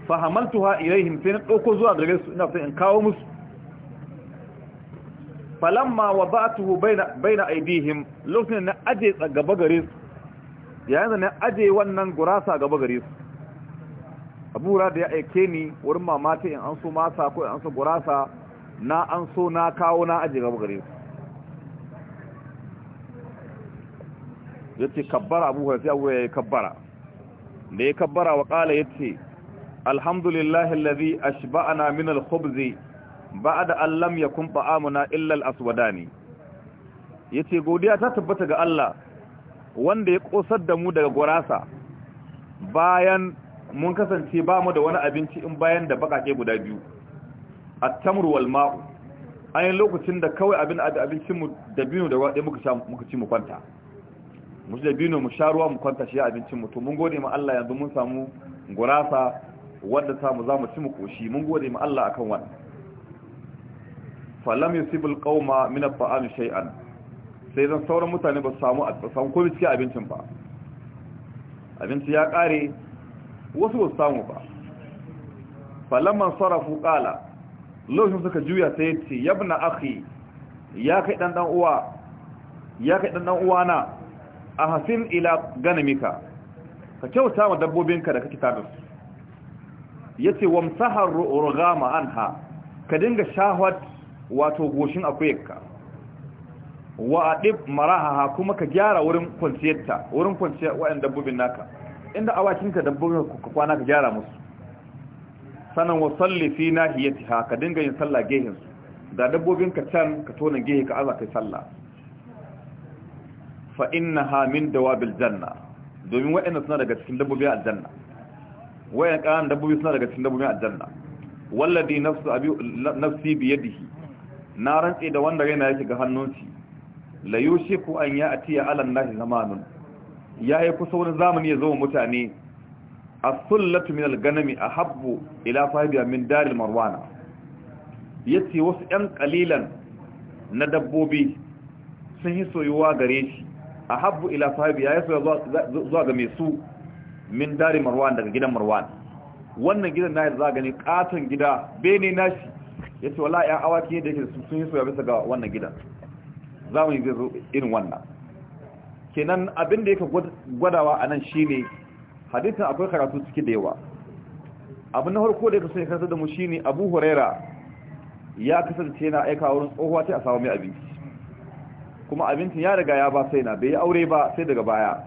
fa hamaltuha ilayhim sai na dauko zuwa daga su ina son in kawo musu falamma wada'tuhu baina bayna aidihim lokacin na aje gaba gare su yayin da na aje wannan gurasa gaba gare su abu da ya aike ni wurin mamata in an so masa ko in an so gurasa na an so na kawo na aje gaba gare su yace kabbara abu sai abu ya kabbara da ya kabbara wa kala yace alhamdulillahi alladhi ashba'ana min al da ba'da an lam yakun illal illa ne ya yace godiya ta tabbata ga Allah wanda ya kosar da mu daga gurasa bayan mun kasance ba mu da wani abinci in bayan da bakake guda biyu at tamru wal ma'u ayin lokacin da kawai abin abincin mu dabino da wadai muka sha muka ci mu kwanta mu da dabino mu sha ruwa mu kwanta shi abincin mu to mun gode ma Allah yanzu mun samu gurasa wanda ta mu za mu ci mu koshi mun gode ma Allah akan wannan falam yusibul qauma min at-ta'am shay'an sai zan sauran mutane ba su samu a samu komai cikin abincin ba abinci ya kare wasu ba samu ba falamman sarrafu ƙala lokacin suka juya sai ya ce yabna ake ya kai ɗanɗan uwa ya kai ɗanɗan uwa na a hasin ila ganamika ka kyauta wa dabbobinka da kita da su ya ce wamsahar rugama ha? ka dinga shahwat wato goshin akuyarka wa a mara ha kuma ka gyara wurin kwanciyarta wurin kwanciyar waɗannan dabbobin naka inda ka dabbobin ka kwana ka gyara musu sanan wa salli fi nahiyatiha ka dinga yin sallah gehen su da dabbobin ka can ka tona gehe ka aza kai sallah fa innaha min dawabil janna domin wa'annan suna daga cikin dabbobi aljanna wa'annan kan dabbobi suna daga cikin dabbobi aljanna walladhi nafsu abi nafsi bi yadihi na rantsi da wanda yana yake ga hannunsa la yushiku an ya'tiya ala nahi zamanun ya yi kusa wani zamani ya zama mutane a sullatu min alganami a habbu ila fahimiyar min daril marwana ya ce wasu 'yan kalilan na dabbobi sun yi soyuwa gare shi a habbu ila fahimiyar ya soya zuwa ga su min daril marwana daga gidan marwana wannan gidan na yi za gani katon gida bene nashi ya ce wala 'yan awaki da yake sun yi soya bisa ga wannan gidan zamani zai zo irin wannan kenan abin da yake gwadawa a nan shi ne hadithin akwai karatu ciki da yawa abin na harko da yake sun karatu da mu shine abu huraira ya kasance yana aika wurin tsohuwa ce a samu mai abinci kuma abincin ya riga ya ba sai na bai aure ba sai daga baya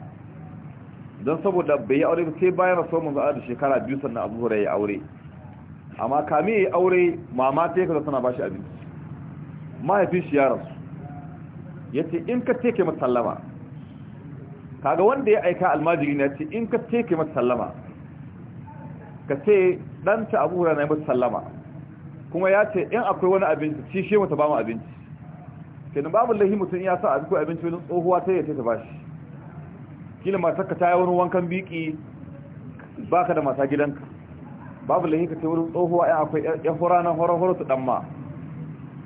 don saboda bai yi aure ba sai bayan rasuwar manzo za'ar da shekara biyu sannan abu huraira ya aure amma kame ya aure mama ta yake tana ba shi abinci mahaifin shi ya rasu ce, in ka teke mata sallama kaga wanda ya aika almajiri na ce in ka ce ke masa sallama ka ce ta abu hura na yi masa sallama kuma ya ce in akwai wani abinci ci shi mata ba mu abinci nan babu lahi mutum ya sa abin ko abinci wani tsohuwa ta yace ta bashi kila matar ka ta yi wani wankan biki baka da mata gidanka babu lahi ka ce wani tsohuwa ya akwai yan hura na horon horo su dan ma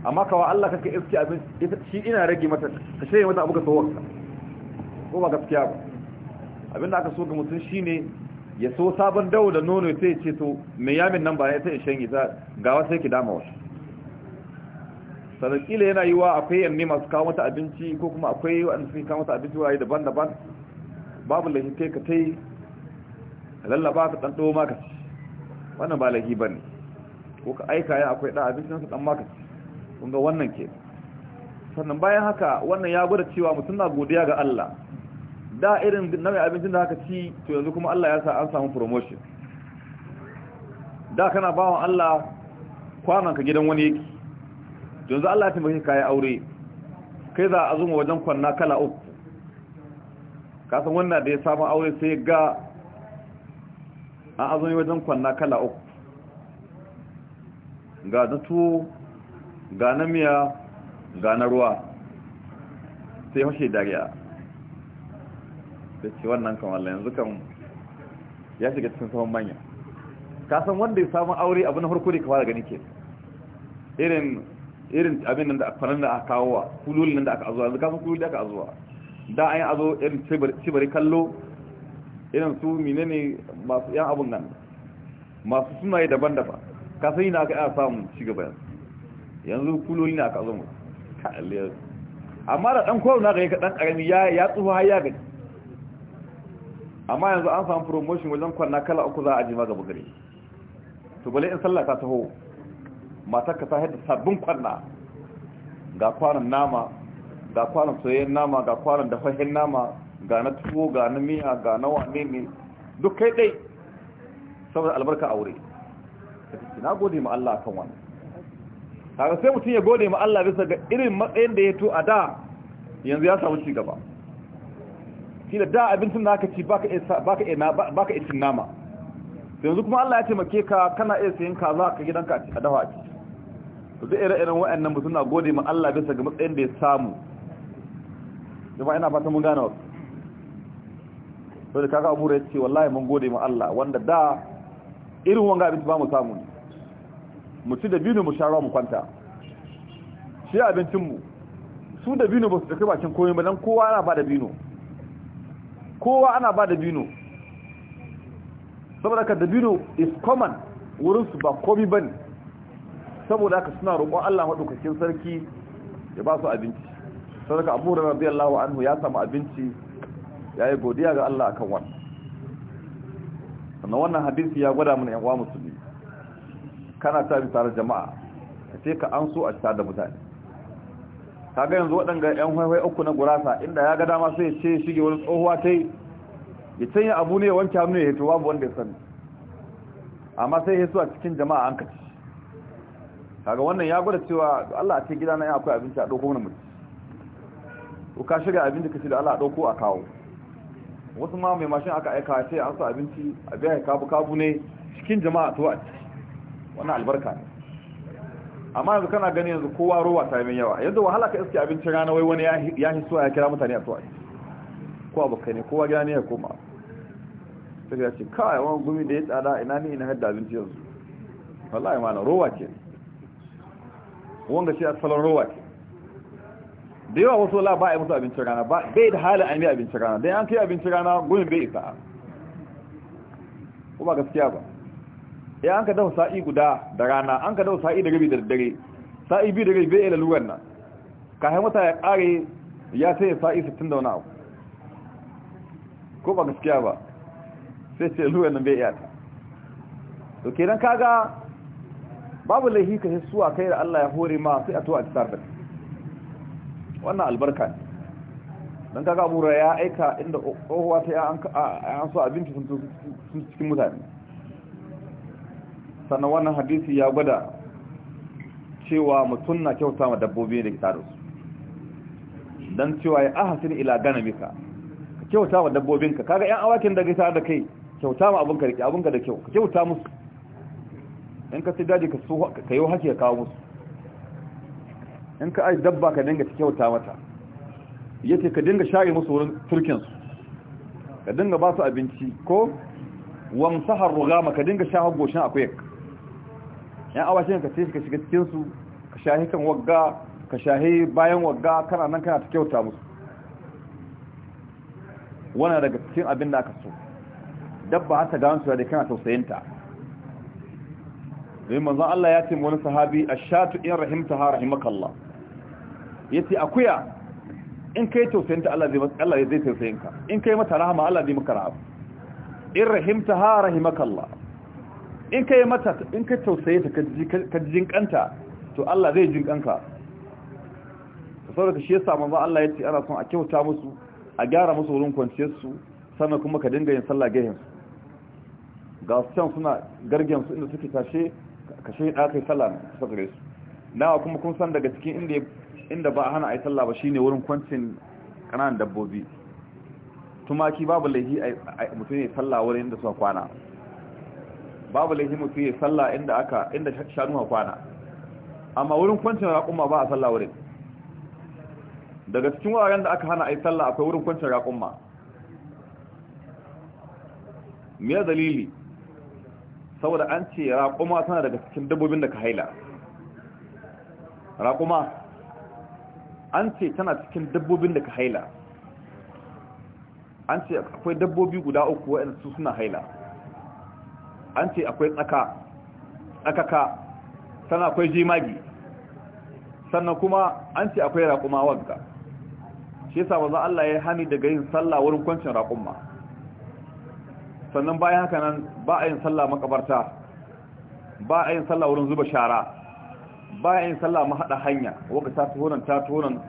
amma kawa Allah kake iske abin shi ina rage mata ka shirye mata abu ka tsohuwarka ko ba gaskiya ba abinda aka so ga mutum shine ya so sabon dawo da nono sai ce to me yamin nan ba ya ta ishen yi ga wasu ki dama wasu sannan kila yana yi wa akwai yanne masu kawo mata abinci ko kuma akwai waɗanda suke kawo mata abinci wa daban-daban babu lahi kai ka tai lallaba ka ɗan ɗo maka ci wannan ba lahi ba ne ko ka aika ya akwai ɗan abincin ka ɗan maka ci kun ga wannan ke sannan bayan haka wannan ya gwada cewa mutum na godiya ga Allah da irin nau'in abincin da haka ci to yanzu kuma Allah ya sa an samu promotion da kana wa Allah kwanan ka gidan wani yake yanzu Allah ya taimake ka kai aure kai za a zuma wajen kwanna kala uku kasan wannan da ya samu aure sai ga an azumi wajen kwanna kala uku ga na tuwo ga na miya ga na ruwa sai hoshe dariya ta ce wannan kamar yanzu kan ya shiga cikin saman manya ka san wanda ya samu aure abu na farko da ka fara gani ke irin irin abin nan da kwanan da aka kawo wa kulul nan da aka azuwa yanzu ka san kulul da aka azuwa da an yi azo irin cibari kallo irin su menene masu yan abun nan masu suna yi daban-daban ka san yana aka yi samun shiga yanzu yanzu kulul ne aka azo mu amma da dan kowa na ga ka dan karami ya ya tsufa har ya gani amma yanzu an samu promotion wajen kwanna kala uku za a ji maza bugare to bale in sallah ta taho matar ka ta haɗa sabbin kwanna ga kwanan nama ga kwanan soyayyen nama ga kwanan dafahen nama ga na tuwo ga na miya ga na wane ne duk kai dai saboda albarka aure na gode ma Allah kan wani kaga sai mutum ya gode ma Allah bisa ga irin matsayin da ya to a da yanzu ya samu ci gaba kila da abincin da aka ci baka baka cin nama yanzu kuma Allah ya taimake ka kana iya sayin kaza ka gidanka a dafa a ci to duk ire-iren wa'annan mutum na gode ma Allah bisa ga matsayin da ya samu ba ina fata mun gane wasu da kaga abu ya ce wallahi mun gode ma Allah wanda da irin wanga abinci ba mu samu ne mu ci da binu mu sharawa mu kwanta shi abincin mu su da binu ba su tafi bakin koyi ba dan kowa yana ba da binu kowa ana ba da bino saboda ka da bino is common wurinsu ba komi ba ne saboda ka suna roƙon Allah maɗaukakin sarki ya ba su abinci saboda abu da wa anhu ya samu abinci ya yi godiya ga Allah a kan wani sannan wannan hadisi ya gwada mana yan uwa musulmi kana ta bi tare jama'a ka ce ka an so a ta da mutane kaga yanzu waɗanga yan haihuwa uku na gurasa inda ya ga dama sai ce shige wani tsohuwa ta yi ya canya abu ne wanke hannu ya hito babu wanda ya sani amma sai ya a cikin jama'a an kaci kaga wannan ya gwada cewa Allah a ce gida na ya akwai abinci a ɗauko wani mutum ko ka shiga abinci ka ce da Allah a ɗauko a kawo wasu ma mai mashin aka aika ce an sa abinci a biya kabu kabu ne cikin jama'a to a wannan albarka ne amma yanzu kana gani yanzu kowa rowa ta yi yawa yanzu wahala ka iske abincin rana wai wani ya a ya kira mutane a tuwa ko abokai ne kowa gani ya koma sai ya ce kawai wani gumi da ya tsada ina ni ina hadda abinci yanzu wallahi mana na rowa ce wanda shi salon rowa ce da yawa wasu la ba a yi musu abincin rana bai da halin an yi abincin rana da an kai abincin rana gumi bai isa ko ba gaskiya ba ya an ka dafa sa'i guda da rana an ka dafa sa'i da rabi da daddare sa'i biyu da rabi bai ila lura nan ka haimata ya kare ya sai sa'i sittin da wani abu ko ba gaskiya ba sai sai lura nan bai iya to to kenan kaga babu laihi ka suwa kai da Allah ya hore ma sai a to a tsar da wannan albarka ne dan kaga abura ya aika inda kowa sai an so abinci sun cikin mutane sannan wannan hadisi ya gwada cewa mutum na kyauta ma dabbobi da tare su don cewa ya ahasin ila ganamika ka kyauta ma dabbobinka kaga yan awakin da gaisa da kai kyauta ma abinka da abinka da kyau ka kyauta musu in ka sai daji ka yi hake kawo musu in ka ai dabba ka dinga kyauta mata yace ka dinga shaye musu wurin turkinsu ka dinga ba su abinci ko wamsahar rugama ka dinga shahar goshin akwai yan awashin ka ce ka shiga cikin su ka shahi kan wagga ka shahi bayan wagga kana nan kana ta kyauta musu wannan daga cikin abin da aka so dabba har ta gano su da kana tausayinta domin manzo Allah ya ce mu wani sahabi ashatu in rahimta ha rahimakallah yace akuya in kai tausayinta Allah zai Allah zai tausayinka in kai mata rahama Allah zai maka rahama in ha rahimakallah in ka yi mata in ka tausaye ta ka jinkanta to Allah zai jinkanka da saboda shi yasa manzo Allah ya ce ana son a kyauta musu a gyara musu wurin kwanciyar su sannan kuma ka dinga yin sallah gehen su ga su can suna gargen su inda suke tashe ka shi da kai sallah na kusa gare su nawa kuma kun san daga cikin inda inda ba a hana ai sallah ba shine wurin kwancin kananan dabbobi tumaki babu laifi mutum ya sallah wurin inda suka kwana babu laifin mutum ya salla inda aka inda shanu kwana amma wurin kwancin raƙumma ba a salla wurin daga cikin wuraren da aka hana a yi salla akwai wurin kwancin raƙumma miya dalili saboda an ce raƙuma tana daga cikin dabbobin da ka haila raƙuma an ce tana cikin dabbobin da ka haila an ce akwai dabbobi guda uku waɗanda su suna haila an ce akwai tsaka tsakaka sannan akwai jimagi sannan kuma an ce akwai raƙuma wanka shi yasa za Allah ya hani daga yin sallah wurin kwancin raƙuma sannan bayan haka nan ba a yin sallah makabarta ba a yin sallah wurin zuba shara ba a yin sallah mahaɗa hanya waka ta tuhonan ta tuhonan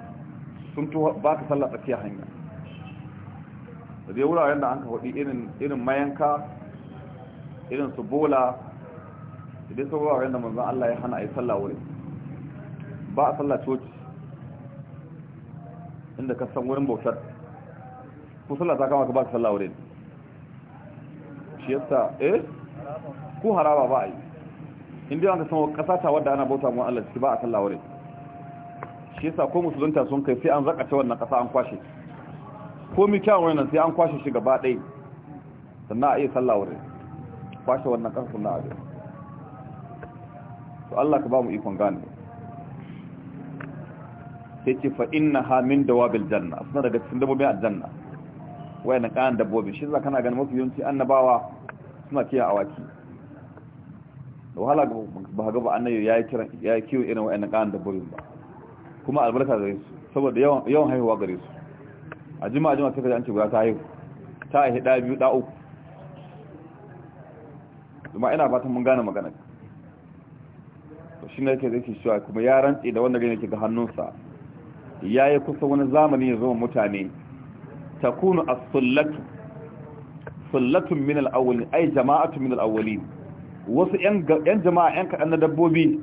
sun ba ka sallah tsakiyar hanya da dai wuraren da an ka faɗi irin mayanka irin su bola da dai sauraren wanda manzan Allah ya hana a yi sallah wurin ba a sallah coci inda ka san wurin bautar ko sallah ta kama ka ba ka sallah wurin shi yasta eh ko haraba ba a yi inda an ka san kasa ta wadda ana bauta mu Allah shi ba a sallah wurin shi yasa ko musulunta sun kai sai an zakace wannan kasa an kwashe ko mi kyawun wannan sai an kwashe shi gaba ɗaya sannan a iya sallah wurin kwashe wannan ƙarfin na abin to Allah ka ba mu ikon gane sai ce fa inna ha min dawabil janna suna daga cikin dabbobin aljanna na ƙanan dabbobin shi za kana ganin mafi yawanci annabawa suna kiyan awaki da wahala ba ga ba annabi yayi kiran yi kiyo irin na ƙanan dabbobin ba kuma albarka gare su saboda yawan yawan haihuwa gare su a jima'a jima'a sai ka ji an ce guda ta haihu ta haihu da biyu da uku kuma ina fatan mun gane magana to shi ne yake zai shi kuma ya rantse da wanda yake ga hannunsa ya yi kusa wani zamani ya zama mutane ta kunu a sullatu sullatun min al'awwalin ai jama'atun min al'awwalin wasu 'yan jama'a 'yan kaɗan na dabbobi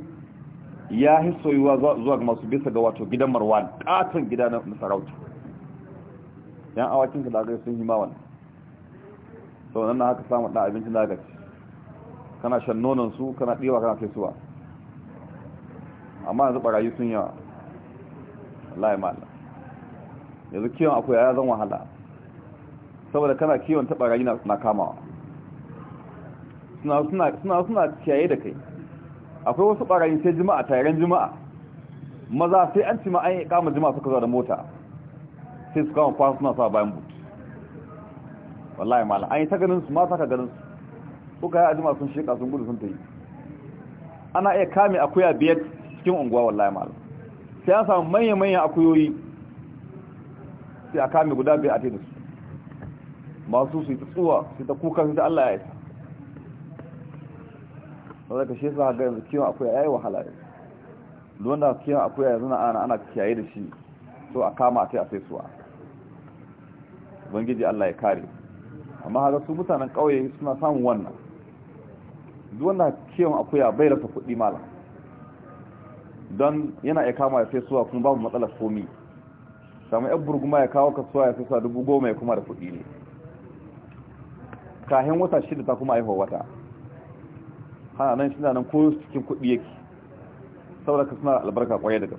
ya yi soyuwa zuwa ga masu bisa ga wato gidan marwan katon gida na sarauta yan awakin ka da sun yi mawan sau nan na haka samun ɗan abincin da ci kana shan nonon su kana ɗewa kana kai suwa amma yanzu ɓarayi sun yawa wallahi ma'ala yanzu kiwon akwai ya zan wahala saboda kana kiwon ta ɓarayi na kamawa suna suna kiyaye da kai akwai wasu ɓarayi sai jima'a tayaran jima'a maza sai an cima an yi kama jima'a suka zo da mota sai su kama kwan suna sa bayan but wallahi ma'ala an yi ta ganin su ma ta ka ganin su kuka yi azuma sun sheka sun gudu sun ta yi ana iya kame akuya biyar cikin unguwa wallahi ma'ala sai an samu manyan manyan akuyoyi sai a kame guda biyar a taida su masu su yi ta tsuwa su ta kuka su ta Allah ya yi ta ka shi sa ga yanzu kiwon akuya yi wahala yanzu don da kiyon akuya ya na ana ana kiyaye da shi so a kama a sai a sai suwa ubangiji Allah ya kare amma haka su mutanen kauye suna samun wannan wannan kiyon akuya bai rasa kuɗi mala don yana ya kama ya sai suwa kuma babu matsalar komi sami yan burguma ya kawo kasuwa ya sai suwa dubu goma ya kuma da kuɗi ne kahin wata shida ta kuma aihuwa wata hana nan shi nan ko cikin kuɗi yake saboda ka suna albarka kwaye da su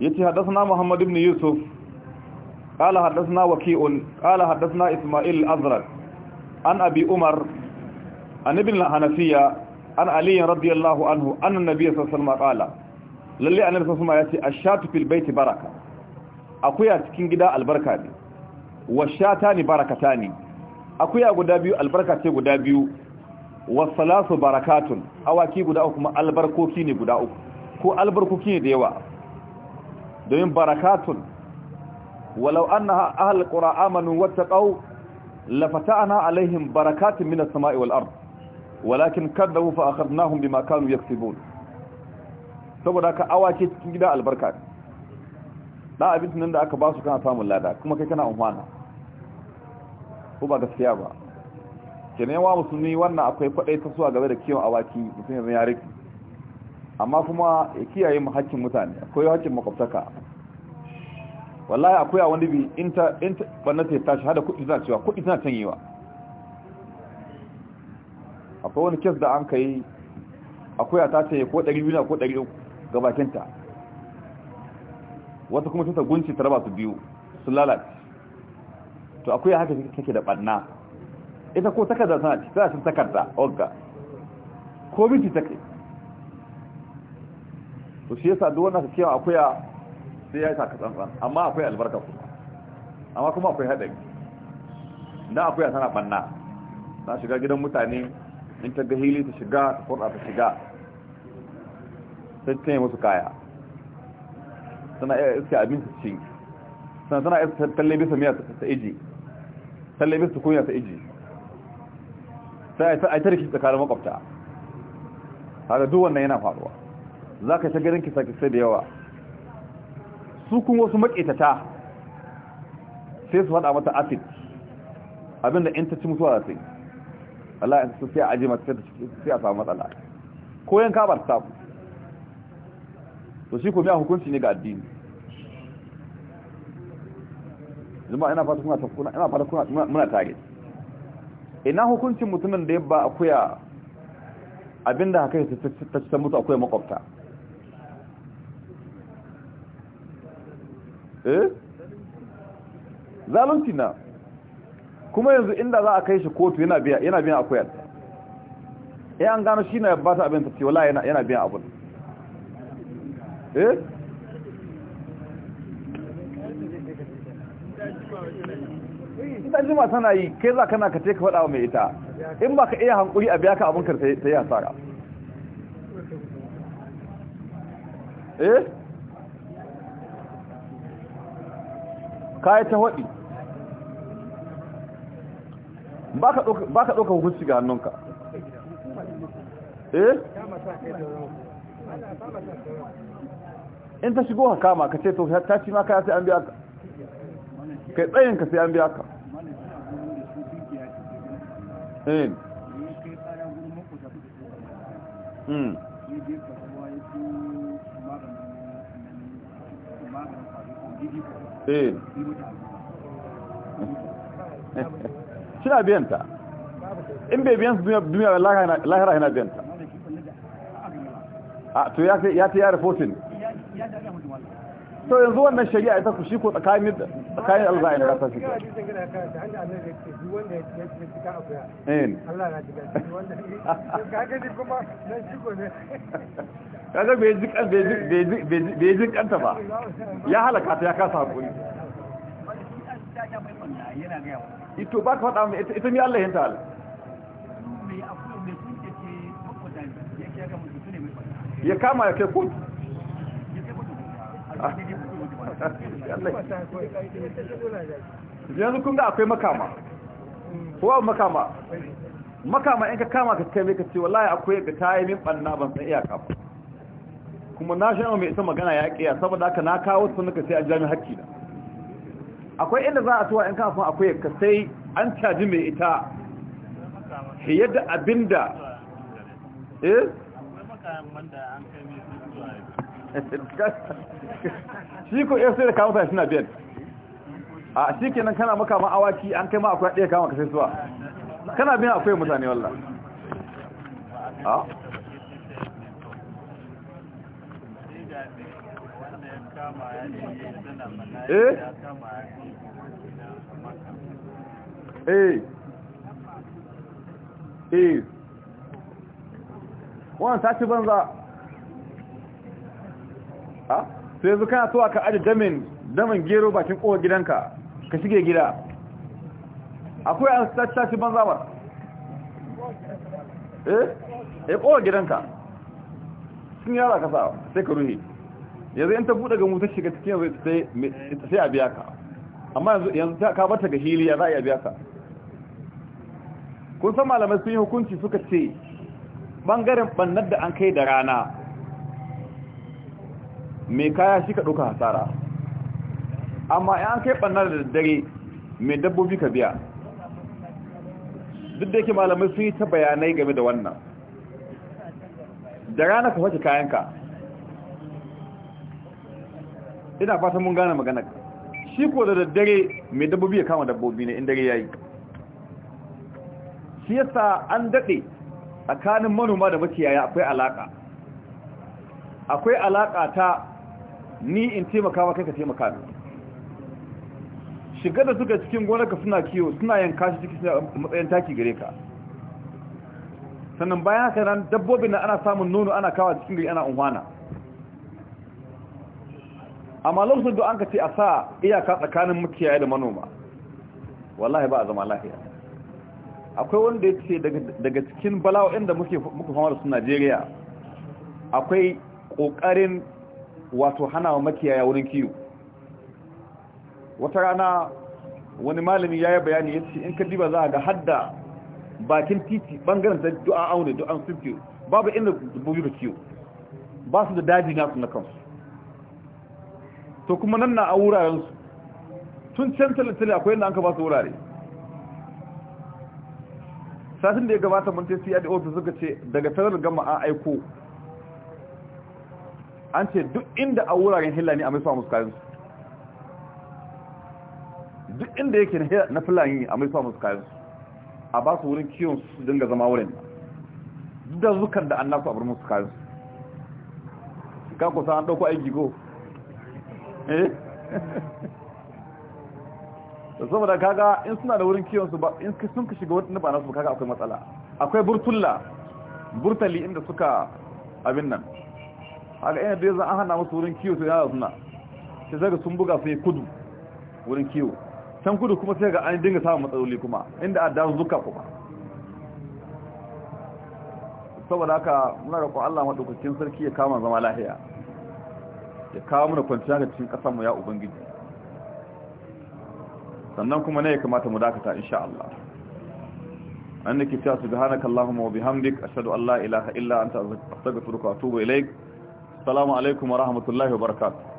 yace hadathana Muhammad Yusuf قال حدثنا وكيء قال حدثنا اسماعيل الازرق عن ابي عمر عن ابن الحنفيه عن علي رضي الله عنه ان النبي صلى الله عليه وسلم قال للي ان الرسول ياتي الشات في البيت بركه اكو يا cikin gida albarka ne washatani barakatani اكو يا guda biyu albarka ce guda biyu wasalatu barakatun awaki guda uku kuma albarkoki ne guda uku ko albarkoki ne da yawa domin barakatun ولو أن أهل القرى آمنوا واتقوا لفتأنا عليهم بركات من السماء والأرض ولكن كذبوا فأخذناهم بما كانوا يكسبون saboda haka awaki cikin gida albarka da abincin nan da aka ba su kana samun lada kuma kai kana umfana ko ba gaskiya ba kenan wa musulmi wannan akwai kwadai ta suwa game da kiyon awaki mutum ya riki amma kuma ya kiyaye mu haƙƙin mutane akwai haƙƙin makwabtaka wallahi akwai a wani bi in ta ɓanna ta tashi hada kuɗi suna cewa kuɗi yi wa akwai wani kes da an ka yi akwai a tace ko 200 ko 300 ga bakinta wata kuma ta gunci ta raba su biyu su lalace to akwai haka take da ɓanna ita ko takarda sana ci tana cin takarda oga ko binci take to shi yasa duk wannan ka kewa akwai sai ya saka tsantsan amma akwai albarka kuma amma kuma akwai haɗari na akwai a tana banna na shiga gidan mutane in ta ga hili ta shiga ta kurɗa ta shiga sai ta yi musu kaya tana iya iska su ci sannan tana iya talle bisa miya ta iji talle bisa kunya ta iji sai a yi ta rikici tsakanin makwabta haka duk wannan yana faruwa za ka ta ganin kisa-kisai da yawa su kun wasu maƙetata sai su haɗa mata acid abinda in ta ci mutuwa da sai Allah ya su sai a aje mata sai a samu matsala ko yanka ba ta to shi ko biya hukunci ne ga addini zuma ina fata kuna tafkuna ina fata kuna muna tare ina hukuncin mutumin da ya ba akuya abinda haka ta ta mutu akuya makwabta eh zalunci na kuma yanzu inda za a kai shi kotu yana biya yana biyan akuyar eh an gano shi na ya bata abin ta ce wala yana yana biyan abun eh ita jima tana yi kai za kana ka ce ka faɗa mai ita in ba ka iya hankuri a biya ka abin ka ta yi hasara eh kayi ta waɗi ba ka ɗauka hukunci ga hannunka eh in ta shigo ka kama ka ce to ta ci ma kaya sai an biya ka kai tsayin ka sai an biya ka eh mm Thank you. eh suna biyanta in bai biyan su duniya lahira yana biyanta a ah, to ya ce ya reportin to yanzu wannan shari'a ita ku shi ko tsakanin tsakanin alzai da rasa shi ko kaga bai ji kan bai ji kanta ba ya halaka ta ya kasa hakuri ito ba ka faɗa mai ita mi Allah yin ta ya kama ya kai kotu yanzu kun ga akwai makama kowa makama makama in ka kama ka kai ka ce wallahi akwai ga ta yi min banna ban san iyaka ba kuma na shi mai ita magana ya kiya saboda haka na kawo su nuka sai an jami hakki da akwai inda za a tuwa in ka fun akwai ka sai an caji mai ita fiye da abinda eh makaman da an kai shi ko ya eh sai da kama sai suna biyan a shi kenan kana maka ma awaki an kai ma akwai ɗaya kama ka sai suwa kana biyan akwai mutane walla a eh eh eh wannan sashi banza sai yanzu kana so aka aje damin damin gero bakin kowa gidanka ka shige gida akwai an shi banza ba eh eh kowa gidanka sun yara ka sa sai ka ruhi yanzu yan ta buɗe ga mutar shiga cikin yanzu sai a biya ka amma yanzu ka bata ga hili ya za a biya ka kun san malamai sun yi hukunci suka ce ɓangaren ɓannar da an kai da rana mai kaya shi ka ɗauka hasara amma yan kai ɓannar da daddare mai dabbobi ka biya duk da yake malamai sun yi ta bayanai game da wannan da rana ka wace kayanka ina fata mun gane magana shi ko da daddare mai dabbobi ya kama dabbobi ne in dare yi shi yasa an dade tsakanin manoma da makiyaya akwai alaƙa. akwai alaƙa ta ni in taimaka kai ka taimaka ni shiga da suka cikin gonarka suna kiwo suna yanka shi cikin matsayin taki gare ka sannan bayan haka nan dabbobin na ana samun nono ana kawo cikin gari ana unhwana amma lokacin da an ka ce a sa iyaka tsakanin makiyaya da manoma wallahi ba a zama lafiya akwai wanda ya ce daga cikin bala'o'in da muke fama da su Najeriya akwai ƙoƙarin wato hana wa makiyaya wurin kiwo wata rana wani malami ya yi bayani ya ce in ka diba za a ga hadda bakin titi bangaren da du'a aune du'an sun babu inda dabbobi da kiwo ba su da daji nasu na kansu to kuma nan na a wurarensu tun can talatali akwai yadda an ka ba su wurare satin da ya gabata mun tesi ya da ofis suka ce daga tarar gama an aiko an ce duk inda a wuraren hila ne a mai samu kayansu duk inda yake na fulani a mai samu kayansu a ba su wurin kiwon su dinga zama wurin duk da zukan da an nasu a musu kayansu ka an ɗauko aiki ko eh da saboda kaga in suna da wurin kiwon su ba in sun ka shiga wadanda ba nasu kaga akwai matsala akwai burtulla burtali inda suka abin nan haka ina da yanzu an hana musu wurin kiwo sai yana suna sai zaga sun buga sai kudu wurin kiwo can kudu kuma sai ga an dinga samun matsaloli kuma inda a da zuka kuma saboda haka muna da roƙon Allah madaukakin sarki ya kama zama lahiya ya kawo mana kwanciya ga cikin ƙasar mu ya ubangiji sannan kuma ne ya kamata mu dakata insha Allah annaki ta subhanakallahumma wa bihamdik ashhadu an la ilaha illa anta astaghfiruka wa atubu ilaik Salamu alaikum wa rahmatullahi wa barakatuh